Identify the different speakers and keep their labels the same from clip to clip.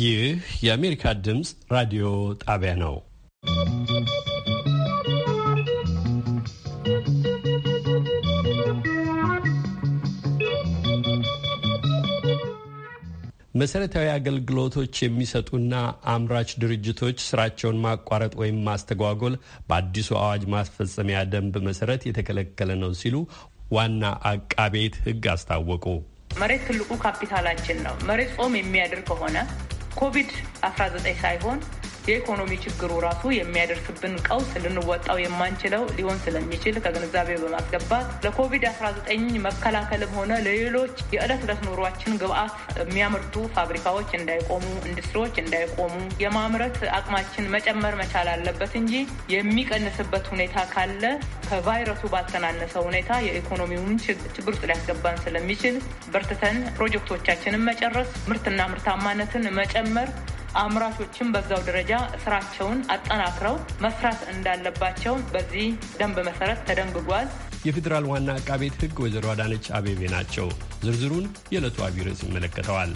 Speaker 1: ይህ የአሜሪካ ድምፅ ራዲዮ ጣቢያ ነው። መሰረታዊ አገልግሎቶች የሚሰጡና አምራች ድርጅቶች ስራቸውን ማቋረጥ ወይም ማስተጓጎል በአዲሱ አዋጅ ማስፈጸሚያ ደንብ መሰረት የተከለከለ ነው ሲሉ ዋና አቃቤት ሕግ አስታወቁ።
Speaker 2: መሬት ትልቁ ካፒታላችን ነው። መሬት ጾም የሚያድር ከሆነ ኮቪድ 19 ሳይሆን የኢኮኖሚ ችግሩ ራሱ የሚያደርስብን ቀውስ ልንወጣው የማንችለው ሊሆን ስለሚችል ከግንዛቤ በማስገባት ለኮቪድ-19 መከላከልም ሆነ ለሌሎች የዕለት ዕለት ኑሯችን ግብአት የሚያመርቱ ፋብሪካዎች እንዳይቆሙ፣ ኢንዱስትሪዎች እንዳይቆሙ የማምረት አቅማችን መጨመር መቻል አለበት እንጂ የሚቀንስበት ሁኔታ ካለ ከቫይረሱ ባልተናነሰ ሁኔታ የኢኮኖሚውን ችግር ውስጥ ሊያስገባን ስለሚችል በርትተን ፕሮጀክቶቻችንን መጨረስ፣ ምርትና ምርታማነትን መጨመር አምራቾችም በዛው ደረጃ ስራቸውን አጠናክረው መስራት እንዳለባቸው በዚህ ደንብ መሰረት ተደንግጓል።
Speaker 1: የፌዴራል ዋና አቃቤ ህግ ወይዘሮ አዳነች አቤቤ ናቸው። ዝርዝሩን የዕለቱ አቢይ ርዕስ ይመለከተዋል።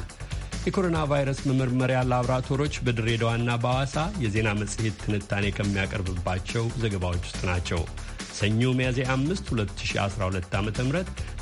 Speaker 1: የኮሮና ቫይረስ መመርመሪያ ላብራቶሮች በድሬዳዋና በአዋሳ የዜና መጽሔት ትንታኔ ከሚያቀርብባቸው ዘገባዎች ውስጥ ናቸው። ሰኞ ሚያዝያ 5 2012 ዓ ም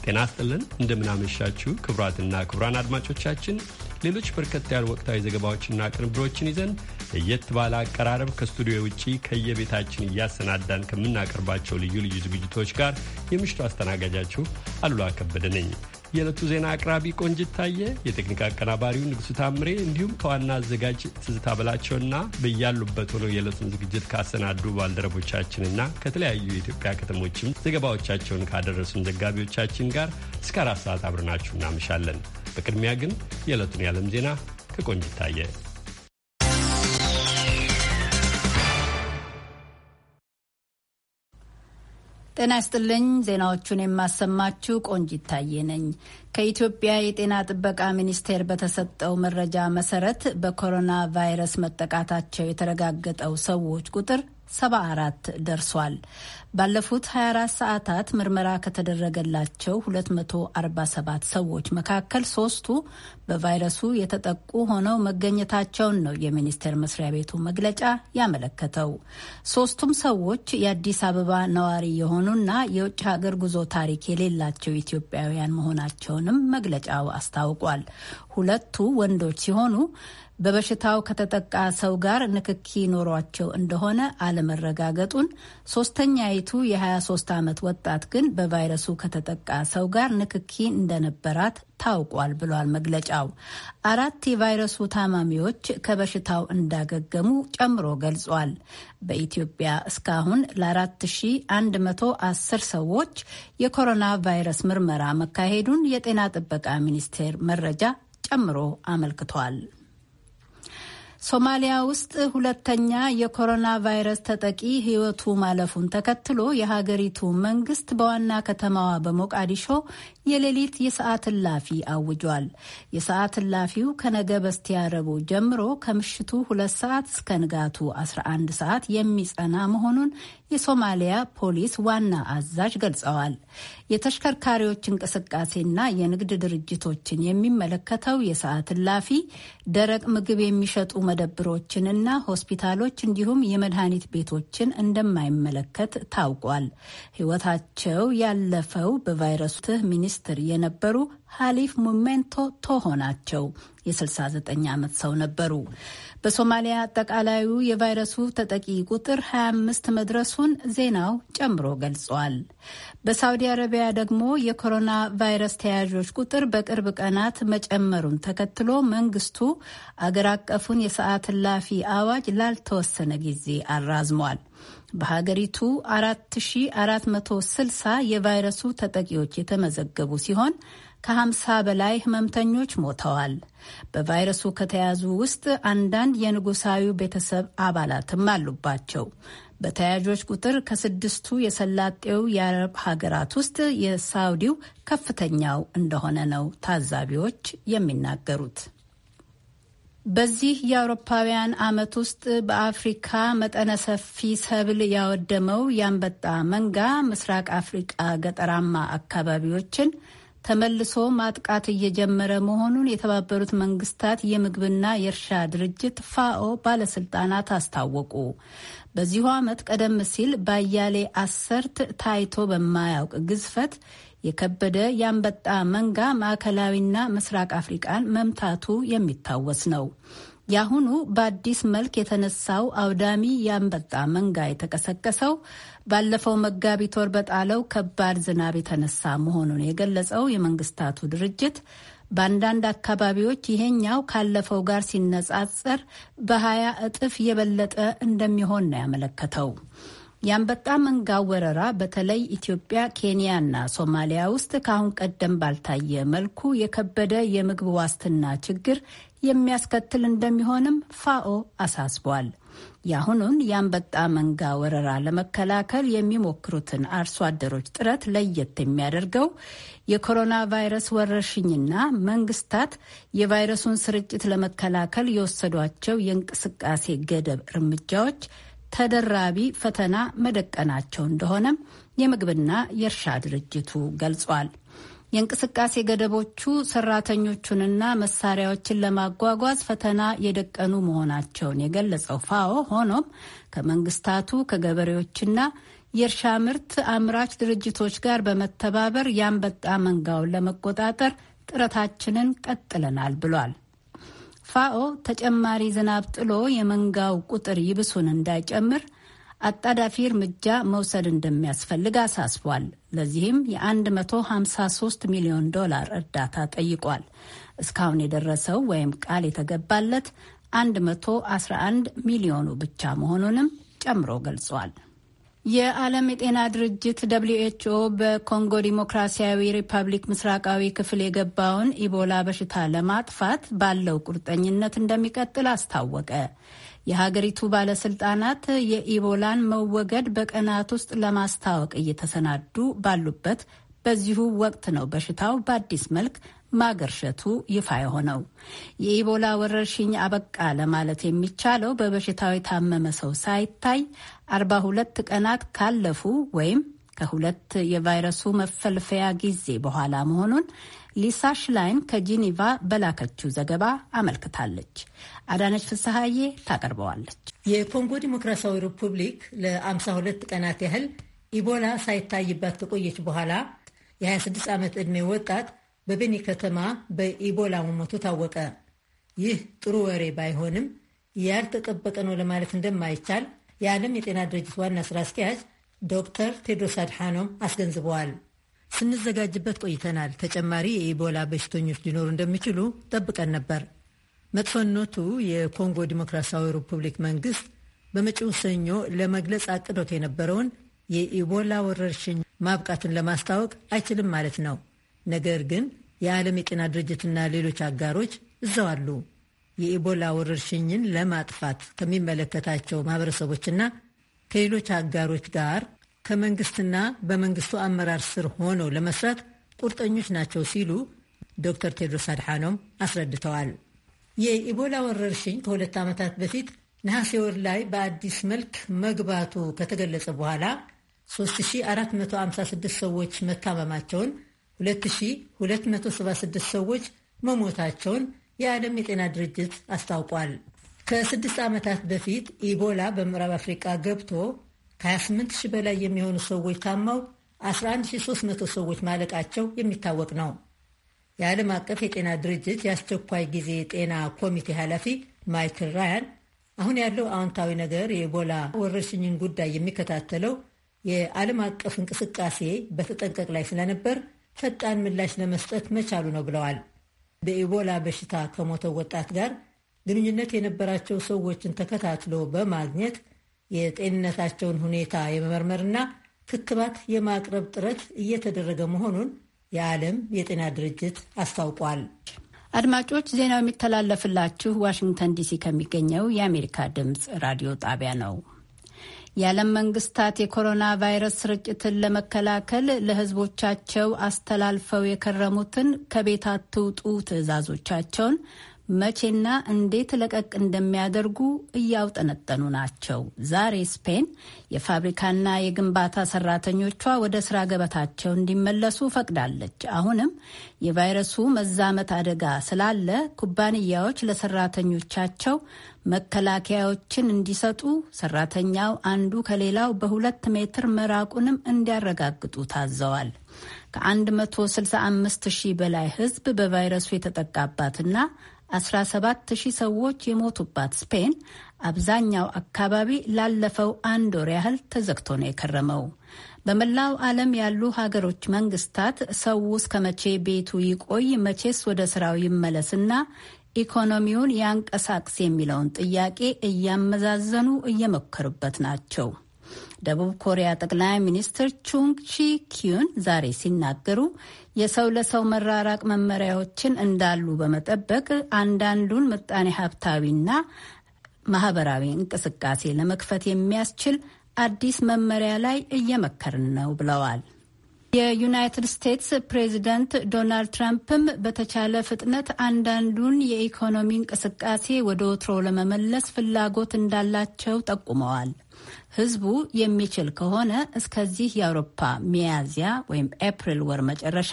Speaker 1: ጤና ስጥልን፣ እንደምናመሻችሁ ክቡራትና ክቡራን አድማጮቻችን ሌሎች በርከት ያሉ ወቅታዊ ዘገባዎችና ቅንብሮችን ይዘን ለየት ባለ አቀራረብ ከስቱዲዮ ውጪ ከየቤታችን እያሰናዳን ከምናቀርባቸው ልዩ ልዩ ዝግጅቶች ጋር የምሽቱ አስተናጋጃችሁ አሉላ ከበደ ነኝ። የዕለቱ ዜና አቅራቢ ቆንጅት ታየ፣ የቴክኒክ አቀናባሪው ንጉሡ ታምሬ እንዲሁም ከዋና አዘጋጅ ትዝታ በላቸውና በያሉበት ሆነው የዕለቱን ዝግጅት ካሰናዱ ባልደረቦቻችንና ከተለያዩ የኢትዮጵያ ከተሞችም ዘገባዎቻቸውን ካደረሱን ዘጋቢዎቻችን ጋር እስከ አራት ሰዓት አብረናችሁ እናመሻለን። በቅድሚያ ግን የዕለቱን የዓለም ዜና ከቆንጅ ታየ።
Speaker 3: ጤና ይስጥልኝ። ዜናዎቹን የማሰማችሁ ቆንጅ ይታየ ነኝ። ከኢትዮጵያ የጤና ጥበቃ ሚኒስቴር በተሰጠው መረጃ መሰረት በኮሮና ቫይረስ መጠቃታቸው የተረጋገጠው ሰዎች ቁጥር 74 ደርሷል። ባለፉት 24 ሰዓታት ምርመራ ከተደረገላቸው 247 ሰዎች መካከል ሶስቱ በቫይረሱ የተጠቁ ሆነው መገኘታቸውን ነው የሚኒስቴር መስሪያ ቤቱ መግለጫ ያመለከተው። ሶስቱም ሰዎች የአዲስ አበባ ነዋሪ የሆኑና የውጭ ሀገር ጉዞ ታሪክ የሌላቸው ኢትዮጵያውያን መሆናቸውንም መግለጫው አስታውቋል። ሁለቱ ወንዶች ሲሆኑ በበሽታው ከተጠቃ ሰው ጋር ንክኪ ኖሯቸው እንደሆነ አለመረጋገጡን፣ ሶስተኛይቱ የ23 ዓመት ወጣት ግን በቫይረሱ ከተጠቃ ሰው ጋር ንክኪ እንደነበራት ታውቋል ብሏል መግለጫው። አራት የቫይረሱ ታማሚዎች ከበሽታው እንዳገገሙ ጨምሮ ገልጿል። በኢትዮጵያ እስካሁን ለ4110 ሰዎች የኮሮና ቫይረስ ምርመራ መካሄዱን የጤና ጥበቃ ሚኒስቴር መረጃ ጨምሮ አመልክቷል። ሶማሊያ ውስጥ ሁለተኛ የኮሮና ቫይረስ ተጠቂ ሕይወቱ ማለፉን ተከትሎ የሀገሪቱ መንግስት በዋና ከተማዋ በሞቃዲሾ የሌሊት የሰዓት እላፊ አውጇል። የሰዓት እላፊው ከነገ በስቲያ ረቡዕ ጀምሮ ከምሽቱ ሁለት ሰዓት እስከ ንጋቱ 11 ሰዓት የሚጸና መሆኑን የሶማሊያ ፖሊስ ዋና አዛዥ ገልጸዋል። የተሽከርካሪዎች እንቅስቃሴና የንግድ ድርጅቶችን የሚመለከተው የሰዓት እላፊ ደረቅ ምግብ የሚሸጡ መደብሮችንና ሆስፒታሎች እንዲሁም የመድኃኒት ቤቶችን እንደማይመለከት ታውቋል። ሕይወታቸው ያለፈው በቫይረሱ ሚኒስ ሚኒስትር የነበሩ ሀሊፍ ሙሜንቶ ቶሆ ናቸው። የ69 ዓመት ሰው ነበሩ። በሶማሊያ አጠቃላዩ የቫይረሱ ተጠቂ ቁጥር 25 መድረሱን ዜናው ጨምሮ ገልጿል። በሳውዲ አረቢያ ደግሞ የኮሮና ቫይረስ ተያዦች ቁጥር በቅርብ ቀናት መጨመሩን ተከትሎ መንግስቱ አገር አቀፉን የሰዓት እላፊ አዋጅ ላልተወሰነ ጊዜ አራዝሟል። በሀገሪቱ 4460 የቫይረሱ ተጠቂዎች የተመዘገቡ ሲሆን ከ50 በላይ ህመምተኞች ሞተዋል። በቫይረሱ ከተያዙ ውስጥ አንዳንድ የንጉሳዊው ቤተሰብ አባላትም አሉባቸው። በተያያዦች ቁጥር ከስድስቱ የሰላጤው የአረብ ሀገራት ውስጥ የሳውዲው ከፍተኛው እንደሆነ ነው ታዛቢዎች የሚናገሩት። በዚህ የአውሮፓውያን ዓመት ውስጥ በአፍሪካ መጠነ ሰፊ ሰብል ያወደመው ያንበጣ መንጋ ምስራቅ አፍሪቃ ገጠራማ አካባቢዎችን ተመልሶ ማጥቃት እየጀመረ መሆኑን የተባበሩት መንግስታት የምግብና የእርሻ ድርጅት ፋኦ ባለስልጣናት አስታወቁ። በዚሁ ዓመት ቀደም ሲል ባያሌ አሰርት ታይቶ በማያውቅ ግዝፈት የከበደ የአንበጣ መንጋ ማዕከላዊና ምስራቅ አፍሪቃን መምታቱ የሚታወስ ነው። የአሁኑ በአዲስ መልክ የተነሳው አውዳሚ የአንበጣ መንጋ የተቀሰቀሰው ባለፈው መጋቢት ወር በጣለው ከባድ ዝናብ የተነሳ መሆኑን የገለጸው የመንግስታቱ ድርጅት በአንዳንድ አካባቢዎች ይሄኛው ካለፈው ጋር ሲነጻጸር በሀያ እጥፍ የበለጠ እንደሚሆን ነው ያመለከተው። የአንበጣ መንጋ ወረራ በተለይ ኢትዮጵያ፣ ኬንያና ሶማሊያ ውስጥ ከአሁን ቀደም ባልታየ መልኩ የከበደ የምግብ ዋስትና ችግር የሚያስከትል እንደሚሆንም ፋኦ አሳስቧል። የአሁኑን የአንበጣ መንጋ ወረራ ለመከላከል የሚሞክሩትን አርሶ አደሮች ጥረት ለየት የሚያደርገው የኮሮና ቫይረስ ወረርሽኝና መንግስታት የቫይረሱን ስርጭት ለመከላከል የወሰዷቸው የእንቅስቃሴ ገደብ እርምጃዎች ተደራቢ ፈተና መደቀናቸው እንደሆነም የምግብና የእርሻ ድርጅቱ ገልጿል። የእንቅስቃሴ ገደቦቹ ሰራተኞቹንና መሳሪያዎችን ለማጓጓዝ ፈተና የደቀኑ መሆናቸውን የገለጸው ፋኦ ሆኖም ከመንግስታቱ ከገበሬዎችና የእርሻ ምርት አምራች ድርጅቶች ጋር በመተባበር የአንበጣ መንጋውን ለመቆጣጠር ጥረታችንን ቀጥለናል ብሏል። ፋኦ ተጨማሪ ዝናብ ጥሎ የመንጋው ቁጥር ይብሱን እንዳይጨምር አጣዳፊ እርምጃ መውሰድ እንደሚያስፈልግ አሳስቧል። ለዚህም የ153 ሚሊዮን ዶላር እርዳታ ጠይቋል። እስካሁን የደረሰው ወይም ቃል የተገባለት 111 ሚሊዮኑ ብቻ መሆኑንም ጨምሮ ገልጿል። የዓለም የጤና ድርጅት ደብልዩ ኤችኦ በኮንጎ ዲሞክራሲያዊ ሪፐብሊክ ምስራቃዊ ክፍል የገባውን ኢቦላ በሽታ ለማጥፋት ባለው ቁርጠኝነት እንደሚቀጥል አስታወቀ። የሀገሪቱ ባለስልጣናት የኢቦላን መወገድ በቀናት ውስጥ ለማስታወቅ እየተሰናዱ ባሉበት በዚሁ ወቅት ነው በሽታው በአዲስ መልክ ማገርሸቱ ይፋ የሆነው። የኢቦላ ወረርሽኝ አበቃ ለማለት የሚቻለው በበሽታው የታመመ ሰው ሳይታይ አርባ ሁለት ቀናት ካለፉ ወይም ከሁለት የቫይረሱ መፈልፈያ ጊዜ በኋላ መሆኑን ሊሳ ሽላይን
Speaker 4: ከጂኒቫ በላከችው ዘገባ አመልክታለች። አዳነች ፍስሐዬ
Speaker 3: ታቀርበዋለች።
Speaker 4: የኮንጎ ዲሞክራሲያዊ ሪፑብሊክ ለ ሁለት ቀናት ያህል ኢቦላ ሳይታይባት ከቆየች በኋላ የ26 ዓመት ዕድሜ ወጣት በቤኒ ከተማ በኢቦላ መሞቱ ታወቀ። ይህ ጥሩ ወሬ ባይሆንም ያልተጠበቀ ነው ለማለት እንደማይቻል የዓለም የጤና ድርጅት ዋና ስራ አስኪያጅ ዶክተር ቴድሮስ አድሓኖም አስገንዝበዋል። ስንዘጋጅበት ቆይተናል። ተጨማሪ የኢቦላ በሽተኞች ሊኖሩ እንደሚችሉ ጠብቀን ነበር። መጥፈነቱ የኮንጎ ዲሞክራሲያዊ ሪፑብሊክ መንግስት በመጪው ሰኞ ለመግለጽ አቅዶት የነበረውን የኢቦላ ወረርሽኝ ማብቃትን ለማስታወቅ አይችልም ማለት ነው። ነገር ግን የዓለም የጤና ድርጅትና ሌሎች አጋሮች እዛው አሉ። የኢቦላ ወረርሽኝን ለማጥፋት ከሚመለከታቸው ማህበረሰቦችና ከሌሎች አጋሮች ጋር ከመንግስትና በመንግስቱ አመራር ስር ሆነው ለመስራት ቁርጠኞች ናቸው ሲሉ ዶክተር ቴድሮስ አድሓኖም አስረድተዋል። የኢቦላ ወረርሽኝ ከሁለት ዓመታት በፊት ነሐሴ ወር ላይ በአዲስ መልክ መግባቱ ከተገለጸ በኋላ 3456 ሰዎች መታመማቸውን 2276 ሰዎች መሞታቸውን የዓለም የጤና ድርጅት አስታውቋል። ከስድስት ዓመታት በፊት ኢቦላ በምዕራብ አፍሪቃ ገብቶ ከ28 ሺህ በላይ የሚሆኑ ሰዎች ታመው 11300 ሰዎች ማለቃቸው የሚታወቅ ነው። የዓለም አቀፍ የጤና ድርጅት የአስቸኳይ ጊዜ ጤና ኮሚቴ ኃላፊ ማይክል ራያን አሁን ያለው አዎንታዊ ነገር የኢቦላ ወረርሽኝን ጉዳይ የሚከታተለው የዓለም አቀፍ እንቅስቃሴ በተጠንቀቅ ላይ ስለነበር ፈጣን ምላሽ ለመስጠት መቻሉ ነው ብለዋል። በኢቦላ በሽታ ከሞተው ወጣት ጋር ግንኙነት የነበራቸው ሰዎችን ተከታትሎ በማግኘት የጤንነታቸውን ሁኔታ የመመርመርና ክትባት የማቅረብ ጥረት እየተደረገ መሆኑን የዓለም የጤና ድርጅት አስታውቋል።
Speaker 3: አድማጮች፣ ዜናው የሚተላለፍላችሁ ዋሽንግተን ዲሲ ከሚገኘው የአሜሪካ ድምፅ ራዲዮ ጣቢያ ነው። የዓለም መንግስታት የኮሮና ቫይረስ ስርጭትን ለመከላከል ለህዝቦቻቸው አስተላልፈው የከረሙትን ከቤት አትውጡ ትዕዛዞቻቸውን መቼና እንዴት ለቀቅ እንደሚያደርጉ እያውጠነጠኑ ናቸው። ዛሬ ስፔን የፋብሪካና የግንባታ ሰራተኞቿ ወደ ስራ ገበታቸው እንዲመለሱ ፈቅዳለች። አሁንም የቫይረሱ መዛመት አደጋ ስላለ ኩባንያዎች ለሰራተኞቻቸው መከላከያዎችን እንዲሰጡ፣ ሰራተኛው አንዱ ከሌላው በሁለት ሜትር መራቁንም እንዲያረጋግጡ ታዘዋል። ከ165 ሺህ በላይ ህዝብ በቫይረሱ የተጠቃባትና 17 ሺህ ሰዎች የሞቱባት ስፔን አብዛኛው አካባቢ ላለፈው አንድ ወር ያህል ተዘግቶ ነው የከረመው። በመላው ዓለም ያሉ ሀገሮች መንግስታት ሰው እስከ መቼ ቤቱ ይቆይ፣ መቼስ ወደ ስራው ይመለስና ኢኮኖሚውን ያንቀሳቅስ የሚለውን ጥያቄ እያመዛዘኑ እየመከሩበት ናቸው። ደቡብ ኮሪያ ጠቅላይ ሚኒስትር ቹንግ ቺ ኪዩን ዛሬ ሲናገሩ የሰው ለሰው መራራቅ መመሪያዎችን እንዳሉ በመጠበቅ አንዳንዱን ምጣኔ ሀብታዊና ማህበራዊ እንቅስቃሴ ለመክፈት የሚያስችል አዲስ መመሪያ ላይ እየመከርን ነው ብለዋል። የዩናይትድ ስቴትስ ፕሬዚደንት ዶናልድ ትራምፕም በተቻለ ፍጥነት አንዳንዱን የኢኮኖሚ እንቅስቃሴ ወደ ወትሮ ለመመለስ ፍላጎት እንዳላቸው ጠቁመዋል። ህዝቡ የሚችል ከሆነ እስከዚህ የአውሮፓ ሚያዝያ ወይም ኤፕሪል ወር መጨረሻ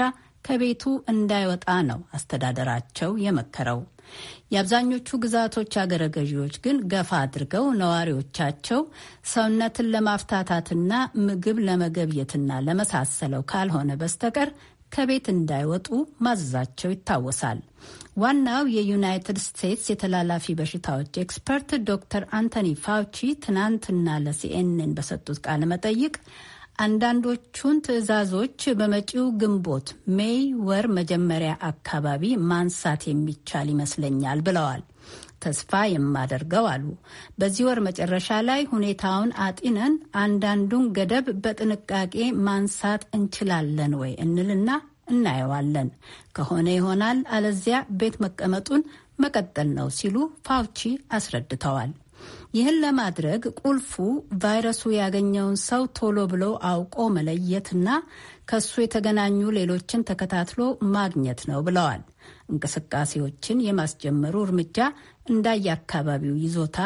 Speaker 3: ከቤቱ እንዳይወጣ ነው አስተዳደራቸው የመከረው። የአብዛኞቹ ግዛቶች አገረ ገዢዎች ግን ገፋ አድርገው ነዋሪዎቻቸው ሰውነትን ለማፍታታትና ምግብ ለመገብየትና ለመሳሰለው ካልሆነ በስተቀር ከቤት እንዳይወጡ ማዘዛቸው ይታወሳል። ዋናው የዩናይትድ ስቴትስ የተላላፊ በሽታዎች ኤክስፐርት ዶክተር አንቶኒ ፋውቺ ትናንትና ለሲኤንኤን በሰጡት ቃለ መጠይቅ አንዳንዶቹን ትዕዛዞች በመጪው ግንቦት ሜይ ወር መጀመሪያ አካባቢ ማንሳት የሚቻል ይመስለኛል ብለዋል። ተስፋ የማደርገው አሉ፣ በዚህ ወር መጨረሻ ላይ ሁኔታውን አጢነን አንዳንዱን ገደብ በጥንቃቄ ማንሳት እንችላለን ወይ እንልና እናየዋለን። ከሆነ ይሆናል፣ አለዚያ ቤት መቀመጡን መቀጠል ነው ሲሉ ፋውቺ አስረድተዋል። ይህን ለማድረግ ቁልፉ ቫይረሱ ያገኘውን ሰው ቶሎ ብሎ አውቆ መለየትና ከሱ የተገናኙ ሌሎችን ተከታትሎ ማግኘት ነው ብለዋል። እንቅስቃሴዎችን የማስጀመሩ እርምጃ እንዳየ አካባቢው ይዞታ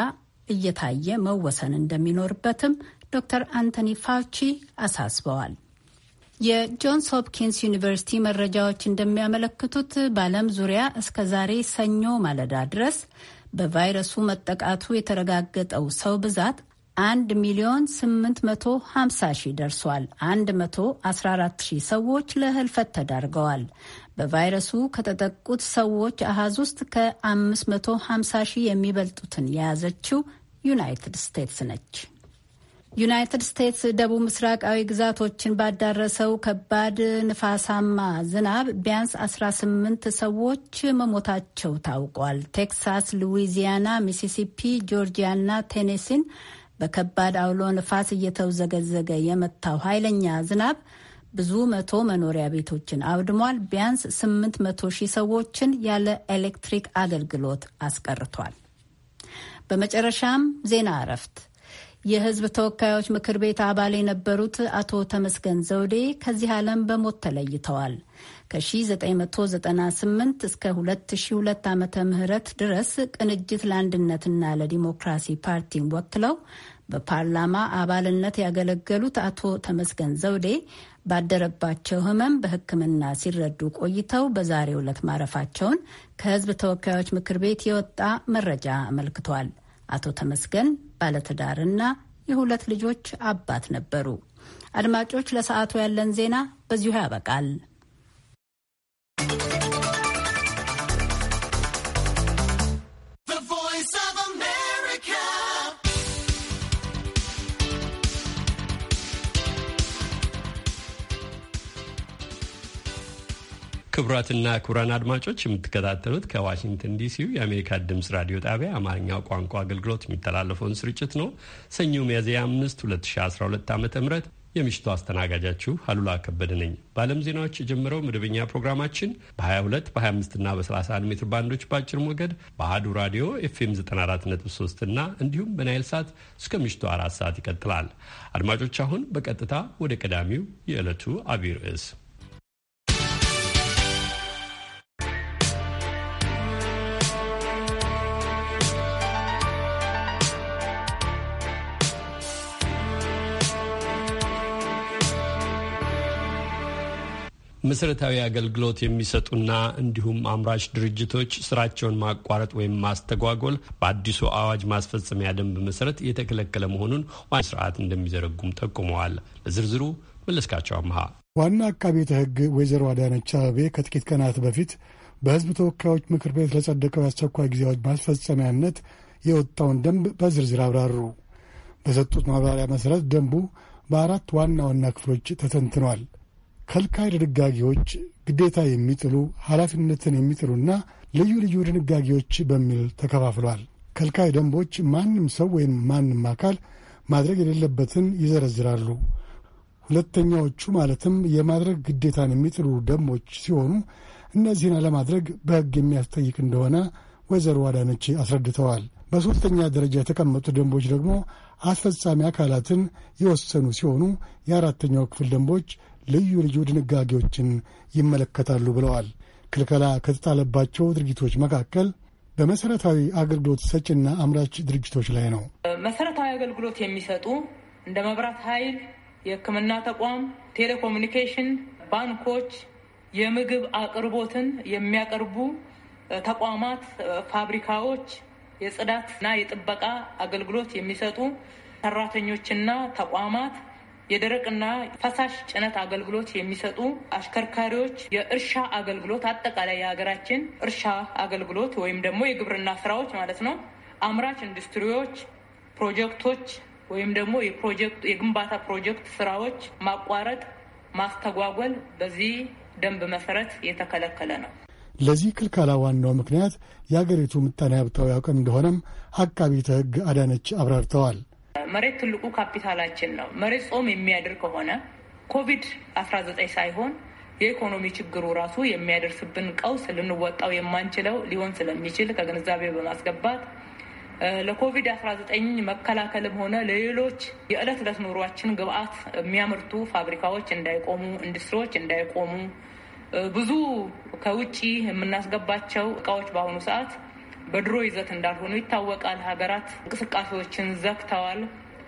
Speaker 3: እየታየ መወሰን እንደሚኖርበትም ዶክተር አንቶኒ ፋውቺ አሳስበዋል። የጆንስ ሆፕኪንስ ዩኒቨርሲቲ መረጃዎች እንደሚያመለክቱት በዓለም ዙሪያ እስከ ዛሬ ሰኞ ማለዳ ድረስ በቫይረሱ መጠቃቱ የተረጋገጠው ሰው ብዛት አንድ ሚሊዮን 850 ሺህ ደርሷል። 114 ሺህ ሰዎች ለህልፈት ተዳርገዋል። በቫይረሱ ከተጠቁት ሰዎች አሃዝ ውስጥ ከ550 ሺህ የሚበልጡትን የያዘችው ዩናይትድ ስቴትስ ነች። ዩናይትድ ስቴትስ ደቡብ ምስራቃዊ ግዛቶችን ባዳረሰው ከባድ ንፋሳማ ዝናብ ቢያንስ 18 ሰዎች መሞታቸው ታውቋል። ቴክሳስ፣ ሉዊዚያና፣ ሚሲሲፒ፣ ጆርጂያና ቴኔሲን በከባድ አውሎ ንፋስ እየተውዘገዘገ የመታው ኃይለኛ ዝናብ ብዙ መቶ መኖሪያ ቤቶችን አውድሟል። ቢያንስ 800 ሺህ ሰዎችን ያለ ኤሌክትሪክ አገልግሎት አስቀርቷል። በመጨረሻም ዜና እረፍት የህዝብ ተወካዮች ምክር ቤት አባል የነበሩት አቶ ተመስገን ዘውዴ ከዚህ ዓለም በሞት ተለይተዋል። ከ1998 እስከ 2002 ዓመተ ምህረት ድረስ ቅንጅት ለአንድነትና ለዲሞክራሲ ፓርቲን ወክለው በፓርላማ አባልነት ያገለገሉት አቶ ተመስገን ዘውዴ ባደረባቸው ህመም በሕክምና ሲረዱ ቆይተው በዛሬ ዕለት ማረፋቸውን ከህዝብ ተወካዮች ምክር ቤት የወጣ መረጃ አመልክቷል። አቶ ተመስገን ባለትዳርና የሁለት ልጆች አባት ነበሩ። አድማጮች፣ ለሰዓቱ ያለን ዜና በዚሁ ያበቃል።
Speaker 1: ክቡራትና ክቡራን አድማጮች የምትከታተሉት ከዋሽንግተን ዲሲው የአሜሪካ ድምጽ ራዲዮ ጣቢያ አማርኛ ቋንቋ አገልግሎት የሚተላለፈውን ስርጭት ነው። ሰኞ ሚያዝያ 5 2012 ዓ ም የምሽቱ አስተናጋጃችሁ አሉላ ከበደ ነኝ። በዓለም ዜናዎች የጀመረው መደበኛ ፕሮግራማችን በ22 በ25 እና በ31 ሜትር ባንዶች በአጭር ሞገድ በአሀዱ ራዲዮ ኤፍኤም 943 እና እንዲሁም በናይል ሳት እስከ ምሽቱ አራት ሰዓት ይቀጥላል። አድማጮች አሁን በቀጥታ ወደ ቀዳሚው የዕለቱ አብይ ርዕስ መሰረታዊ አገልግሎት የሚሰጡና እንዲሁም አምራች ድርጅቶች ስራቸውን ማቋረጥ ወይም ማስተጓጎል በአዲሱ አዋጅ ማስፈጸሚያ ደንብ መሰረት የተከለከለ መሆኑን ዋና ስርዓት እንደሚዘረጉም ጠቁመዋል። ለዝርዝሩ መለስካቸው አመሃ።
Speaker 5: ዋና አቃቤተ ህግ ወይዘሮ አዳነች አበቤ ከጥቂት ቀናት በፊት በህዝብ ተወካዮች ምክር ቤት ለጸደቀው የአስቸኳይ ጊዜ ማስፈጸሚያነት የወጣውን ደንብ በዝርዝር አብራሩ። በሰጡት ማብራሪያ መሰረት ደንቡ በአራት ዋና ዋና ክፍሎች ተተንትኗል። ከልካይ ድንጋጌዎች ግዴታ የሚጥሉ ኃላፊነትን የሚጥሉና ልዩ ልዩ ድንጋጌዎች በሚል ተከፋፍሏል። ከልካይ ደንቦች ማንም ሰው ወይም ማንም አካል ማድረግ የሌለበትን ይዘረዝራሉ። ሁለተኛዎቹ ማለትም የማድረግ ግዴታን የሚጥሉ ደንቦች ሲሆኑ እነዚህን አለማድረግ በሕግ የሚያስጠይቅ እንደሆነ ወይዘሮ አዳነች አስረድተዋል። በሦስተኛ ደረጃ የተቀመጡ ደንቦች ደግሞ አስፈጻሚ አካላትን የወሰኑ ሲሆኑ የአራተኛው ክፍል ደንቦች ልዩ ልዩ ድንጋጌዎችን ይመለከታሉ ብለዋል። ክልከላ ከተጣለባቸው ድርጊቶች መካከል በመሰረታዊ አገልግሎት ሰጪና አምራች ድርጅቶች ላይ ነው።
Speaker 2: መሰረታዊ አገልግሎት የሚሰጡ እንደ መብራት ኃይል፣ የሕክምና ተቋም፣ ቴሌኮሙኒኬሽን፣ ባንኮች፣ የምግብ አቅርቦትን የሚያቀርቡ ተቋማት፣ ፋብሪካዎች፣ የጽዳትና የጥበቃ አገልግሎት የሚሰጡ ሰራተኞችና ተቋማት የደረቅና ፈሳሽ ጭነት አገልግሎት የሚሰጡ አሽከርካሪዎች፣ የእርሻ አገልግሎት፣ አጠቃላይ የሀገራችን እርሻ አገልግሎት ወይም ደግሞ የግብርና ስራዎች ማለት ነው። አምራች ኢንዱስትሪዎች፣ ፕሮጀክቶች ወይም ደግሞ የፕሮጀክት የግንባታ ፕሮጀክት ስራዎች ማቋረጥ፣ ማስተጓጎል በዚህ ደንብ መሰረት የተከለከለ ነው።
Speaker 5: ለዚህ ክልከላ ዋናው ምክንያት የአገሪቱ ምጣኔ ሀብታዊ አቅም እንደሆነም አቃቤ ሕግ አዳነች
Speaker 4: አብራርተዋል።
Speaker 2: መሬት ትልቁ ካፒታላችን ነው። መሬት ጾም የሚያድር ከሆነ ኮቪድ አስራ ዘጠኝ ሳይሆን የኢኮኖሚ ችግሩ ራሱ የሚያደርስብን ቀውስ ልንወጣው የማንችለው ሊሆን ስለሚችል ከግንዛቤ በማስገባት ለኮቪድ አስራ ዘጠኝ መከላከልም ሆነ ለሌሎች የዕለት ዕለት ኑሯችን ግብአት የሚያመርቱ ፋብሪካዎች እንዳይቆሙ፣ ኢንዱስትሪዎች እንዳይቆሙ ብዙ ከውጭ የምናስገባቸው እቃዎች በአሁኑ ሰዓት በድሮ ይዘት እንዳልሆኑ ይታወቃል። ሀገራት እንቅስቃሴዎችን ዘግተዋል።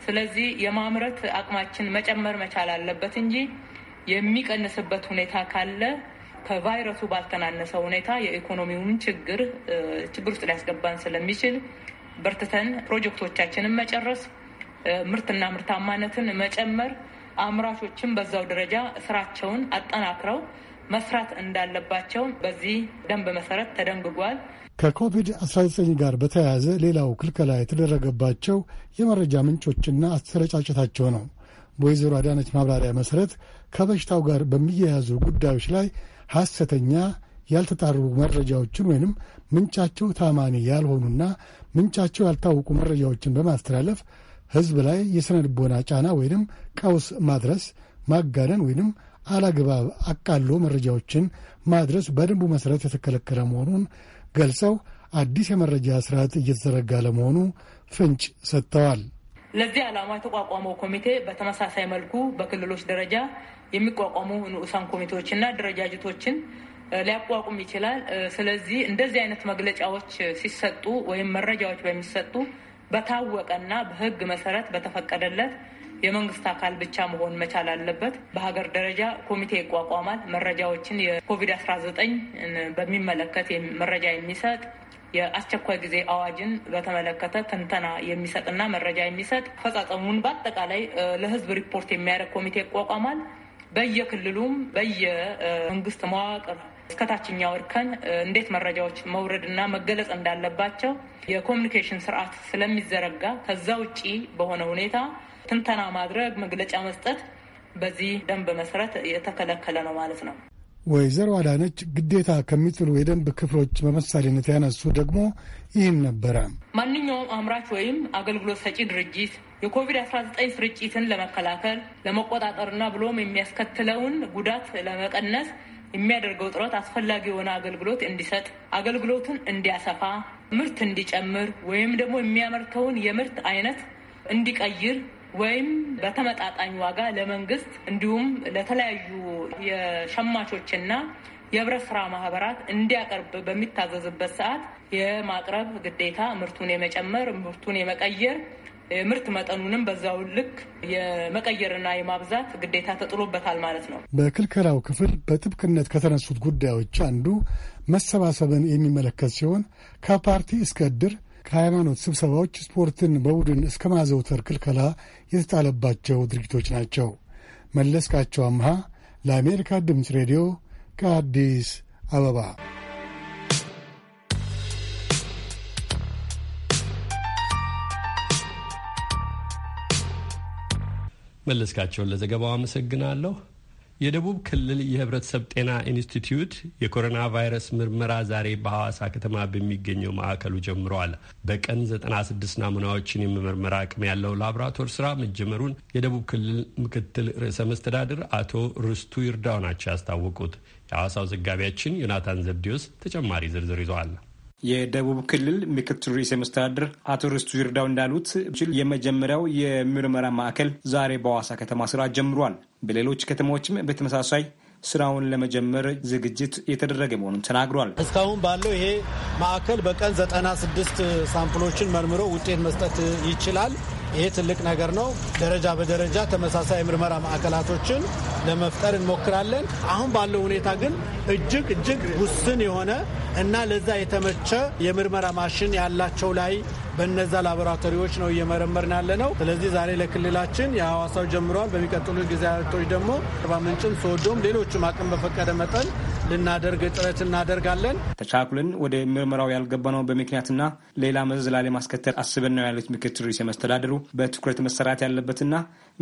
Speaker 2: ስለዚህ የማምረት አቅማችን መጨመር መቻል አለበት እንጂ የሚቀንስበት ሁኔታ ካለ ከቫይረሱ ባልተናነሰ ሁኔታ የኢኮኖሚውን ችግር ችግር ውስጥ ሊያስገባን ስለሚችል በርትተን ፕሮጀክቶቻችንን መጨረስ፣ ምርትና ምርታማነትን መጨመር፣ አምራቾችን በዛው ደረጃ ስራቸውን አጠናክረው መስራት እንዳለባቸው በዚህ ደንብ መሰረት ተደንግጓል።
Speaker 5: ከኮቪድ-19 ጋር በተያያዘ ሌላው ክልከላ የተደረገባቸው የመረጃ ምንጮችና አስተረጫጨታቸው ነው። በወይዘሮ አዳነች ማብራሪያ መሰረት ከበሽታው ጋር በሚያያዙ ጉዳዮች ላይ ሐሰተኛ ያልተጣሩ መረጃዎችን ወይንም ምንጫቸው ታማኒ ያልሆኑና ምንጫቸው ያልታወቁ መረጃዎችን በማስተላለፍ ሕዝብ ላይ የሥነ ልቦና ጫና ወይንም ቀውስ ማድረስ፣ ማጋነን ወይንም አላግባብ አቃሎ መረጃዎችን ማድረስ በደንቡ መሠረት የተከለከለ መሆኑን ገልጸው አዲስ የመረጃ ስርዓት እየተዘረጋ ለመሆኑ ፍንጭ ሰጥተዋል።
Speaker 2: ለዚህ ዓላማ የተቋቋመው ኮሚቴ በተመሳሳይ መልኩ በክልሎች ደረጃ የሚቋቋሙ ንዑሳን ኮሚቴዎችና ደረጃጀቶችን ሊያቋቁም ይችላል። ስለዚህ እንደዚህ አይነት መግለጫዎች ሲሰጡ ወይም መረጃዎች በሚሰጡ በታወቀና በሕግ መሰረት በተፈቀደለት የመንግስት አካል ብቻ መሆን መቻል አለበት። በሀገር ደረጃ ኮሚቴ ይቋቋማል። መረጃዎችን የኮቪድ አስራ ዘጠኝ በሚመለከት መረጃ የሚሰጥ የአስቸኳይ ጊዜ አዋጅን በተመለከተ ትንተና የሚሰጥና መረጃ የሚሰጥ አፈጻጸሙን በአጠቃላይ ለህዝብ ሪፖርት የሚያደርግ ኮሚቴ ይቋቋማል። በየክልሉም በየመንግስት መዋቅር እስከታችኛው እርከን እንዴት መረጃዎች መውረድ መገለጽ እንዳለባቸው የኮሚኒኬሽን ስርዓት ስለሚዘረጋ ከዛ ውጪ በሆነ ሁኔታ ትንተና ማድረግ፣ መግለጫ መስጠት በዚህ ደንብ መሰረት የተከለከለ ነው ማለት ነው።
Speaker 5: ወይዘሮ አዳነች ግዴታ ከሚጥሉ የደንብ ክፍሎች በምሳሌነት ያነሱ ደግሞ ይህን ነበረ።
Speaker 2: ማንኛውም አምራች ወይም አገልግሎት ሰጪ ድርጅት የኮቪድ-19 ስርጭትን ለመከላከል ለመቆጣጠርና ብሎም የሚያስከትለውን ጉዳት ለመቀነስ የሚያደርገው ጥረት አስፈላጊ የሆነ አገልግሎት እንዲሰጥ፣ አገልግሎቱን እንዲያሰፋ፣ ምርት እንዲጨምር ወይም ደግሞ የሚያመርተውን የምርት አይነት እንዲቀይር ወይም በተመጣጣኝ ዋጋ ለመንግስት እንዲሁም ለተለያዩ የሸማቾችና የህብረት ስራ ማህበራት እንዲያቀርብ በሚታዘዝበት ሰዓት የማቅረብ ግዴታ ምርቱን የመጨመር ምርቱን የመቀየር ምርት መጠኑንም በዛው ልክ የመቀየርና የማብዛት ግዴታ ተጥሎበታል ማለት ነው።
Speaker 5: በክልከላው ክፍል በጥብቅነት ከተነሱት ጉዳዮች አንዱ መሰባሰብን የሚመለከት ሲሆን ከፓርቲ እስከ እድር ከሃይማኖት ስብሰባዎች ስፖርትን በቡድን እስከ ማዘውተር ክልከላ የተጣለባቸው ድርጊቶች ናቸው። መለስካቸው አምሃ ለአሜሪካ ድምፅ ሬዲዮ ከአዲስ አበባ
Speaker 1: መለስካቸውን ለዘገባው አመሰግናለሁ። የደቡብ ክልል የህብረተሰብ ጤና ኢንስቲትዩት የኮሮና ቫይረስ ምርመራ ዛሬ በሐዋሳ ከተማ በሚገኘው ማዕከሉ ጀምረዋል። በቀን 96 ናሙናዎችን የመመርመር አቅም ያለው ላብራቶር ስራ መጀመሩን የደቡብ ክልል ምክትል ርዕሰ መስተዳድር አቶ ርስቱ ይርዳው ናቸው ያስታወቁት። የሐዋሳው ዘጋቢያችን ዮናታን ዘብዲዮስ ተጨማሪ ዝርዝር ይዘዋል። የደቡብ ክልል ምክትል ርዕሰ መስተዳድር አቶ ርስቱ ይርዳው እንዳሉት
Speaker 6: የመጀመሪያው የምርመራ ማዕከል ዛሬ በሐዋሳ ከተማ ስራ ጀምሯል። በሌሎች ከተሞችም በተመሳሳይ ስራውን ለመጀመር ዝግጅት የተደረገ መሆኑን ተናግሯል። እስካሁን ባለው
Speaker 7: ይሄ ማዕከል በቀን ዘጠና ሳምፕሎችን መርምሮ ውጤት መስጠት ይችላል። ይሄ ትልቅ ነገር ነው። ደረጃ በደረጃ ተመሳሳይ የምርመራ ማዕከላቶችን ለመፍጠር እንሞክራለን። አሁን ባለው ሁኔታ ግን እጅግ እጅግ ውስን የሆነ እና ለዛ የተመቸ የምርመራ ማሽን ያላቸው ላይ በነዛ ላቦራቶሪዎች ነው እየመረመርን ያለ ነው። ስለዚህ ዛሬ ለክልላችን የሐዋሳው ጀምረዋል። በሚቀጥሉት ጊዜያቶች ደግሞ አርባ ምንጭም፣
Speaker 6: ሶዶም፣ ሌሎችም አቅም በፈቀደ መጠን ልናደርግ ጥረት እናደርጋለን። ተቻኩልን ወደ ምርመራው ያልገባነው በምክንያትና ሌላ መዘዝ ላለማስከተል አስበን ነው ያሉት ምክትል ርዕሰ መስተዳድሩ በትኩረት መሰራት ያለበትና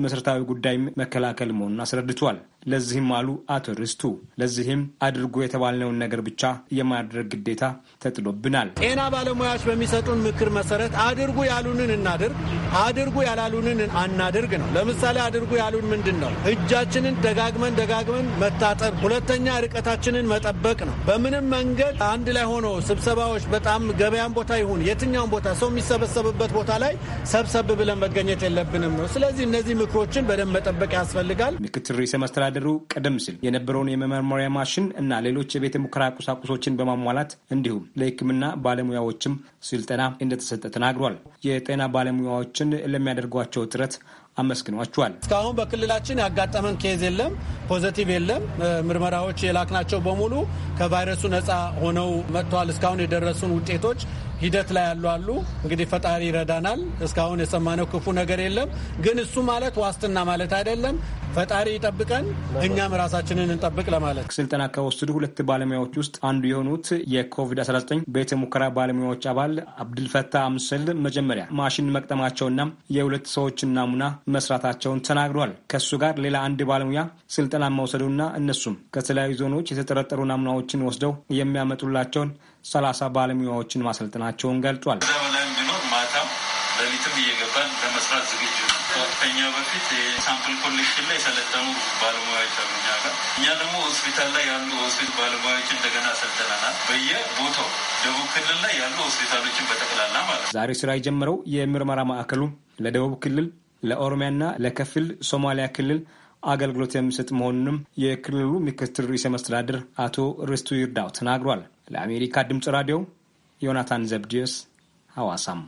Speaker 6: መሰረታዊ ጉዳይ መከላከል መሆኑን አስረድቷል። ለዚህም አሉ አቶ ርስቱ፣ ለዚህም አድርጎ የተባልነውን ነገር ብቻ የማድረግ ግዴታ ተጥሎብናል።
Speaker 7: ጤና ባለሙያዎች በሚሰጡን ምክር መሰረት አድርጉ ያሉንን እናድርግ፣ አድርጉ ያላሉንን አናድርግ ነው። ለምሳሌ አድርጉ ያሉን ምንድን ነው? እጃችንን ደጋግመን ደጋግመን መታጠብ፣ ሁለተኛ ርቀታችንን መጠበቅ ነው። በምንም መንገድ አንድ ላይ ሆኖ ስብሰባዎች በጣም ገበያን ቦታ ይሁን የትኛውን ቦታ ሰው የሚሰበሰብበት ቦታ ላይ ሰብሰብ
Speaker 6: ብለን መገኘት የለብንም ነው። ስለዚህ እነዚህ ምክሮችን በደንብ መጠበቅ ያስፈልጋል። ምክትል ርዕሰ መስተዳደሩ ቀደም ሲል የነበረውን የመመርመሪያ ማሽን እና ሌሎች የቤተ ሙከራ ቁሳቁሶችን በማሟላት እንዲሁም ለሕክምና ባለሙያዎችም ስልጠና እንደተሰጠ ተናግሯል። የጤና ባለሙያዎችን ለሚያደርጓቸው ጥረት አመስግኗቸዋል። እስካሁን በክልላችን ያጋጠመን ኬዝ የለም፣
Speaker 7: ፖዘቲቭ የለም። ምርመራዎች የላክናቸው በሙሉ ከቫይረሱ ነፃ ሆነው መጥተዋል። እስካሁን የደረሱን ውጤቶች ሂደት ላይ ያሉ አሉ። እንግዲህ ፈጣሪ ይረዳናል። እስካሁን የሰማነው ክፉ ነገር የለም። ግን እሱ ማለት ዋስትና ማለት አይደለም። ፈጣሪ ይጠብቀን፣ እኛም ራሳችንን እንጠብቅ
Speaker 6: ለማለት ስልጠና ከወሰዱ ሁለት ባለሙያዎች ውስጥ አንዱ የሆኑት የኮቪድ-19 ቤተ ሙከራ ባለሙያዎች አባል አብድልፈታ አምስል መጀመሪያ ማሽን መቅጠማቸውና የሁለት ሰዎችን ናሙና መስራታቸውን ተናግሯል። ከእሱ ጋር ሌላ አንድ ባለሙያ ስልጠና መውሰዱና እነሱም ከተለያዩ ዞኖች የተጠረጠሩ ናሙናዎችን ወስደው የሚያመጡላቸውን ሰላሳ ባለሙያዎችን ማሰልጠናቸውን ገልጧል።
Speaker 1: ከዛ በሊትም እየገባን ለመስራት ዝግጁ ከኛ በፊት ሳምፕል ኮሌክሽን ላይ የሰለጠኑ ባለሙያዎች አሉ እኛ ጋር። እኛ ደግሞ ሆስፒታል ላይ ያሉ ሆስፒታል ባለሙያዎች እንደገና
Speaker 8: ሰልጠናናል። በየቦታው ደቡብ ክልል ላይ ያሉ ሆስፒታሎችን በጠቅላላ ማለት
Speaker 6: ዛሬ ስራ የጀመረው የምርመራ ማዕከሉ ለደቡብ ክልል ለኦሮሚያና ለከፊል ሶማሊያ ክልል አገልግሎት የሚሰጥ መሆኑንም የክልሉ ምክትል ርዕሰ መስተዳድር አቶ ርስቱ ይርዳው ተናግሯል። ለአሜሪካ ድምፅ ራዲዮ ዮናታን ዘብዲዮስ ሐዋሳም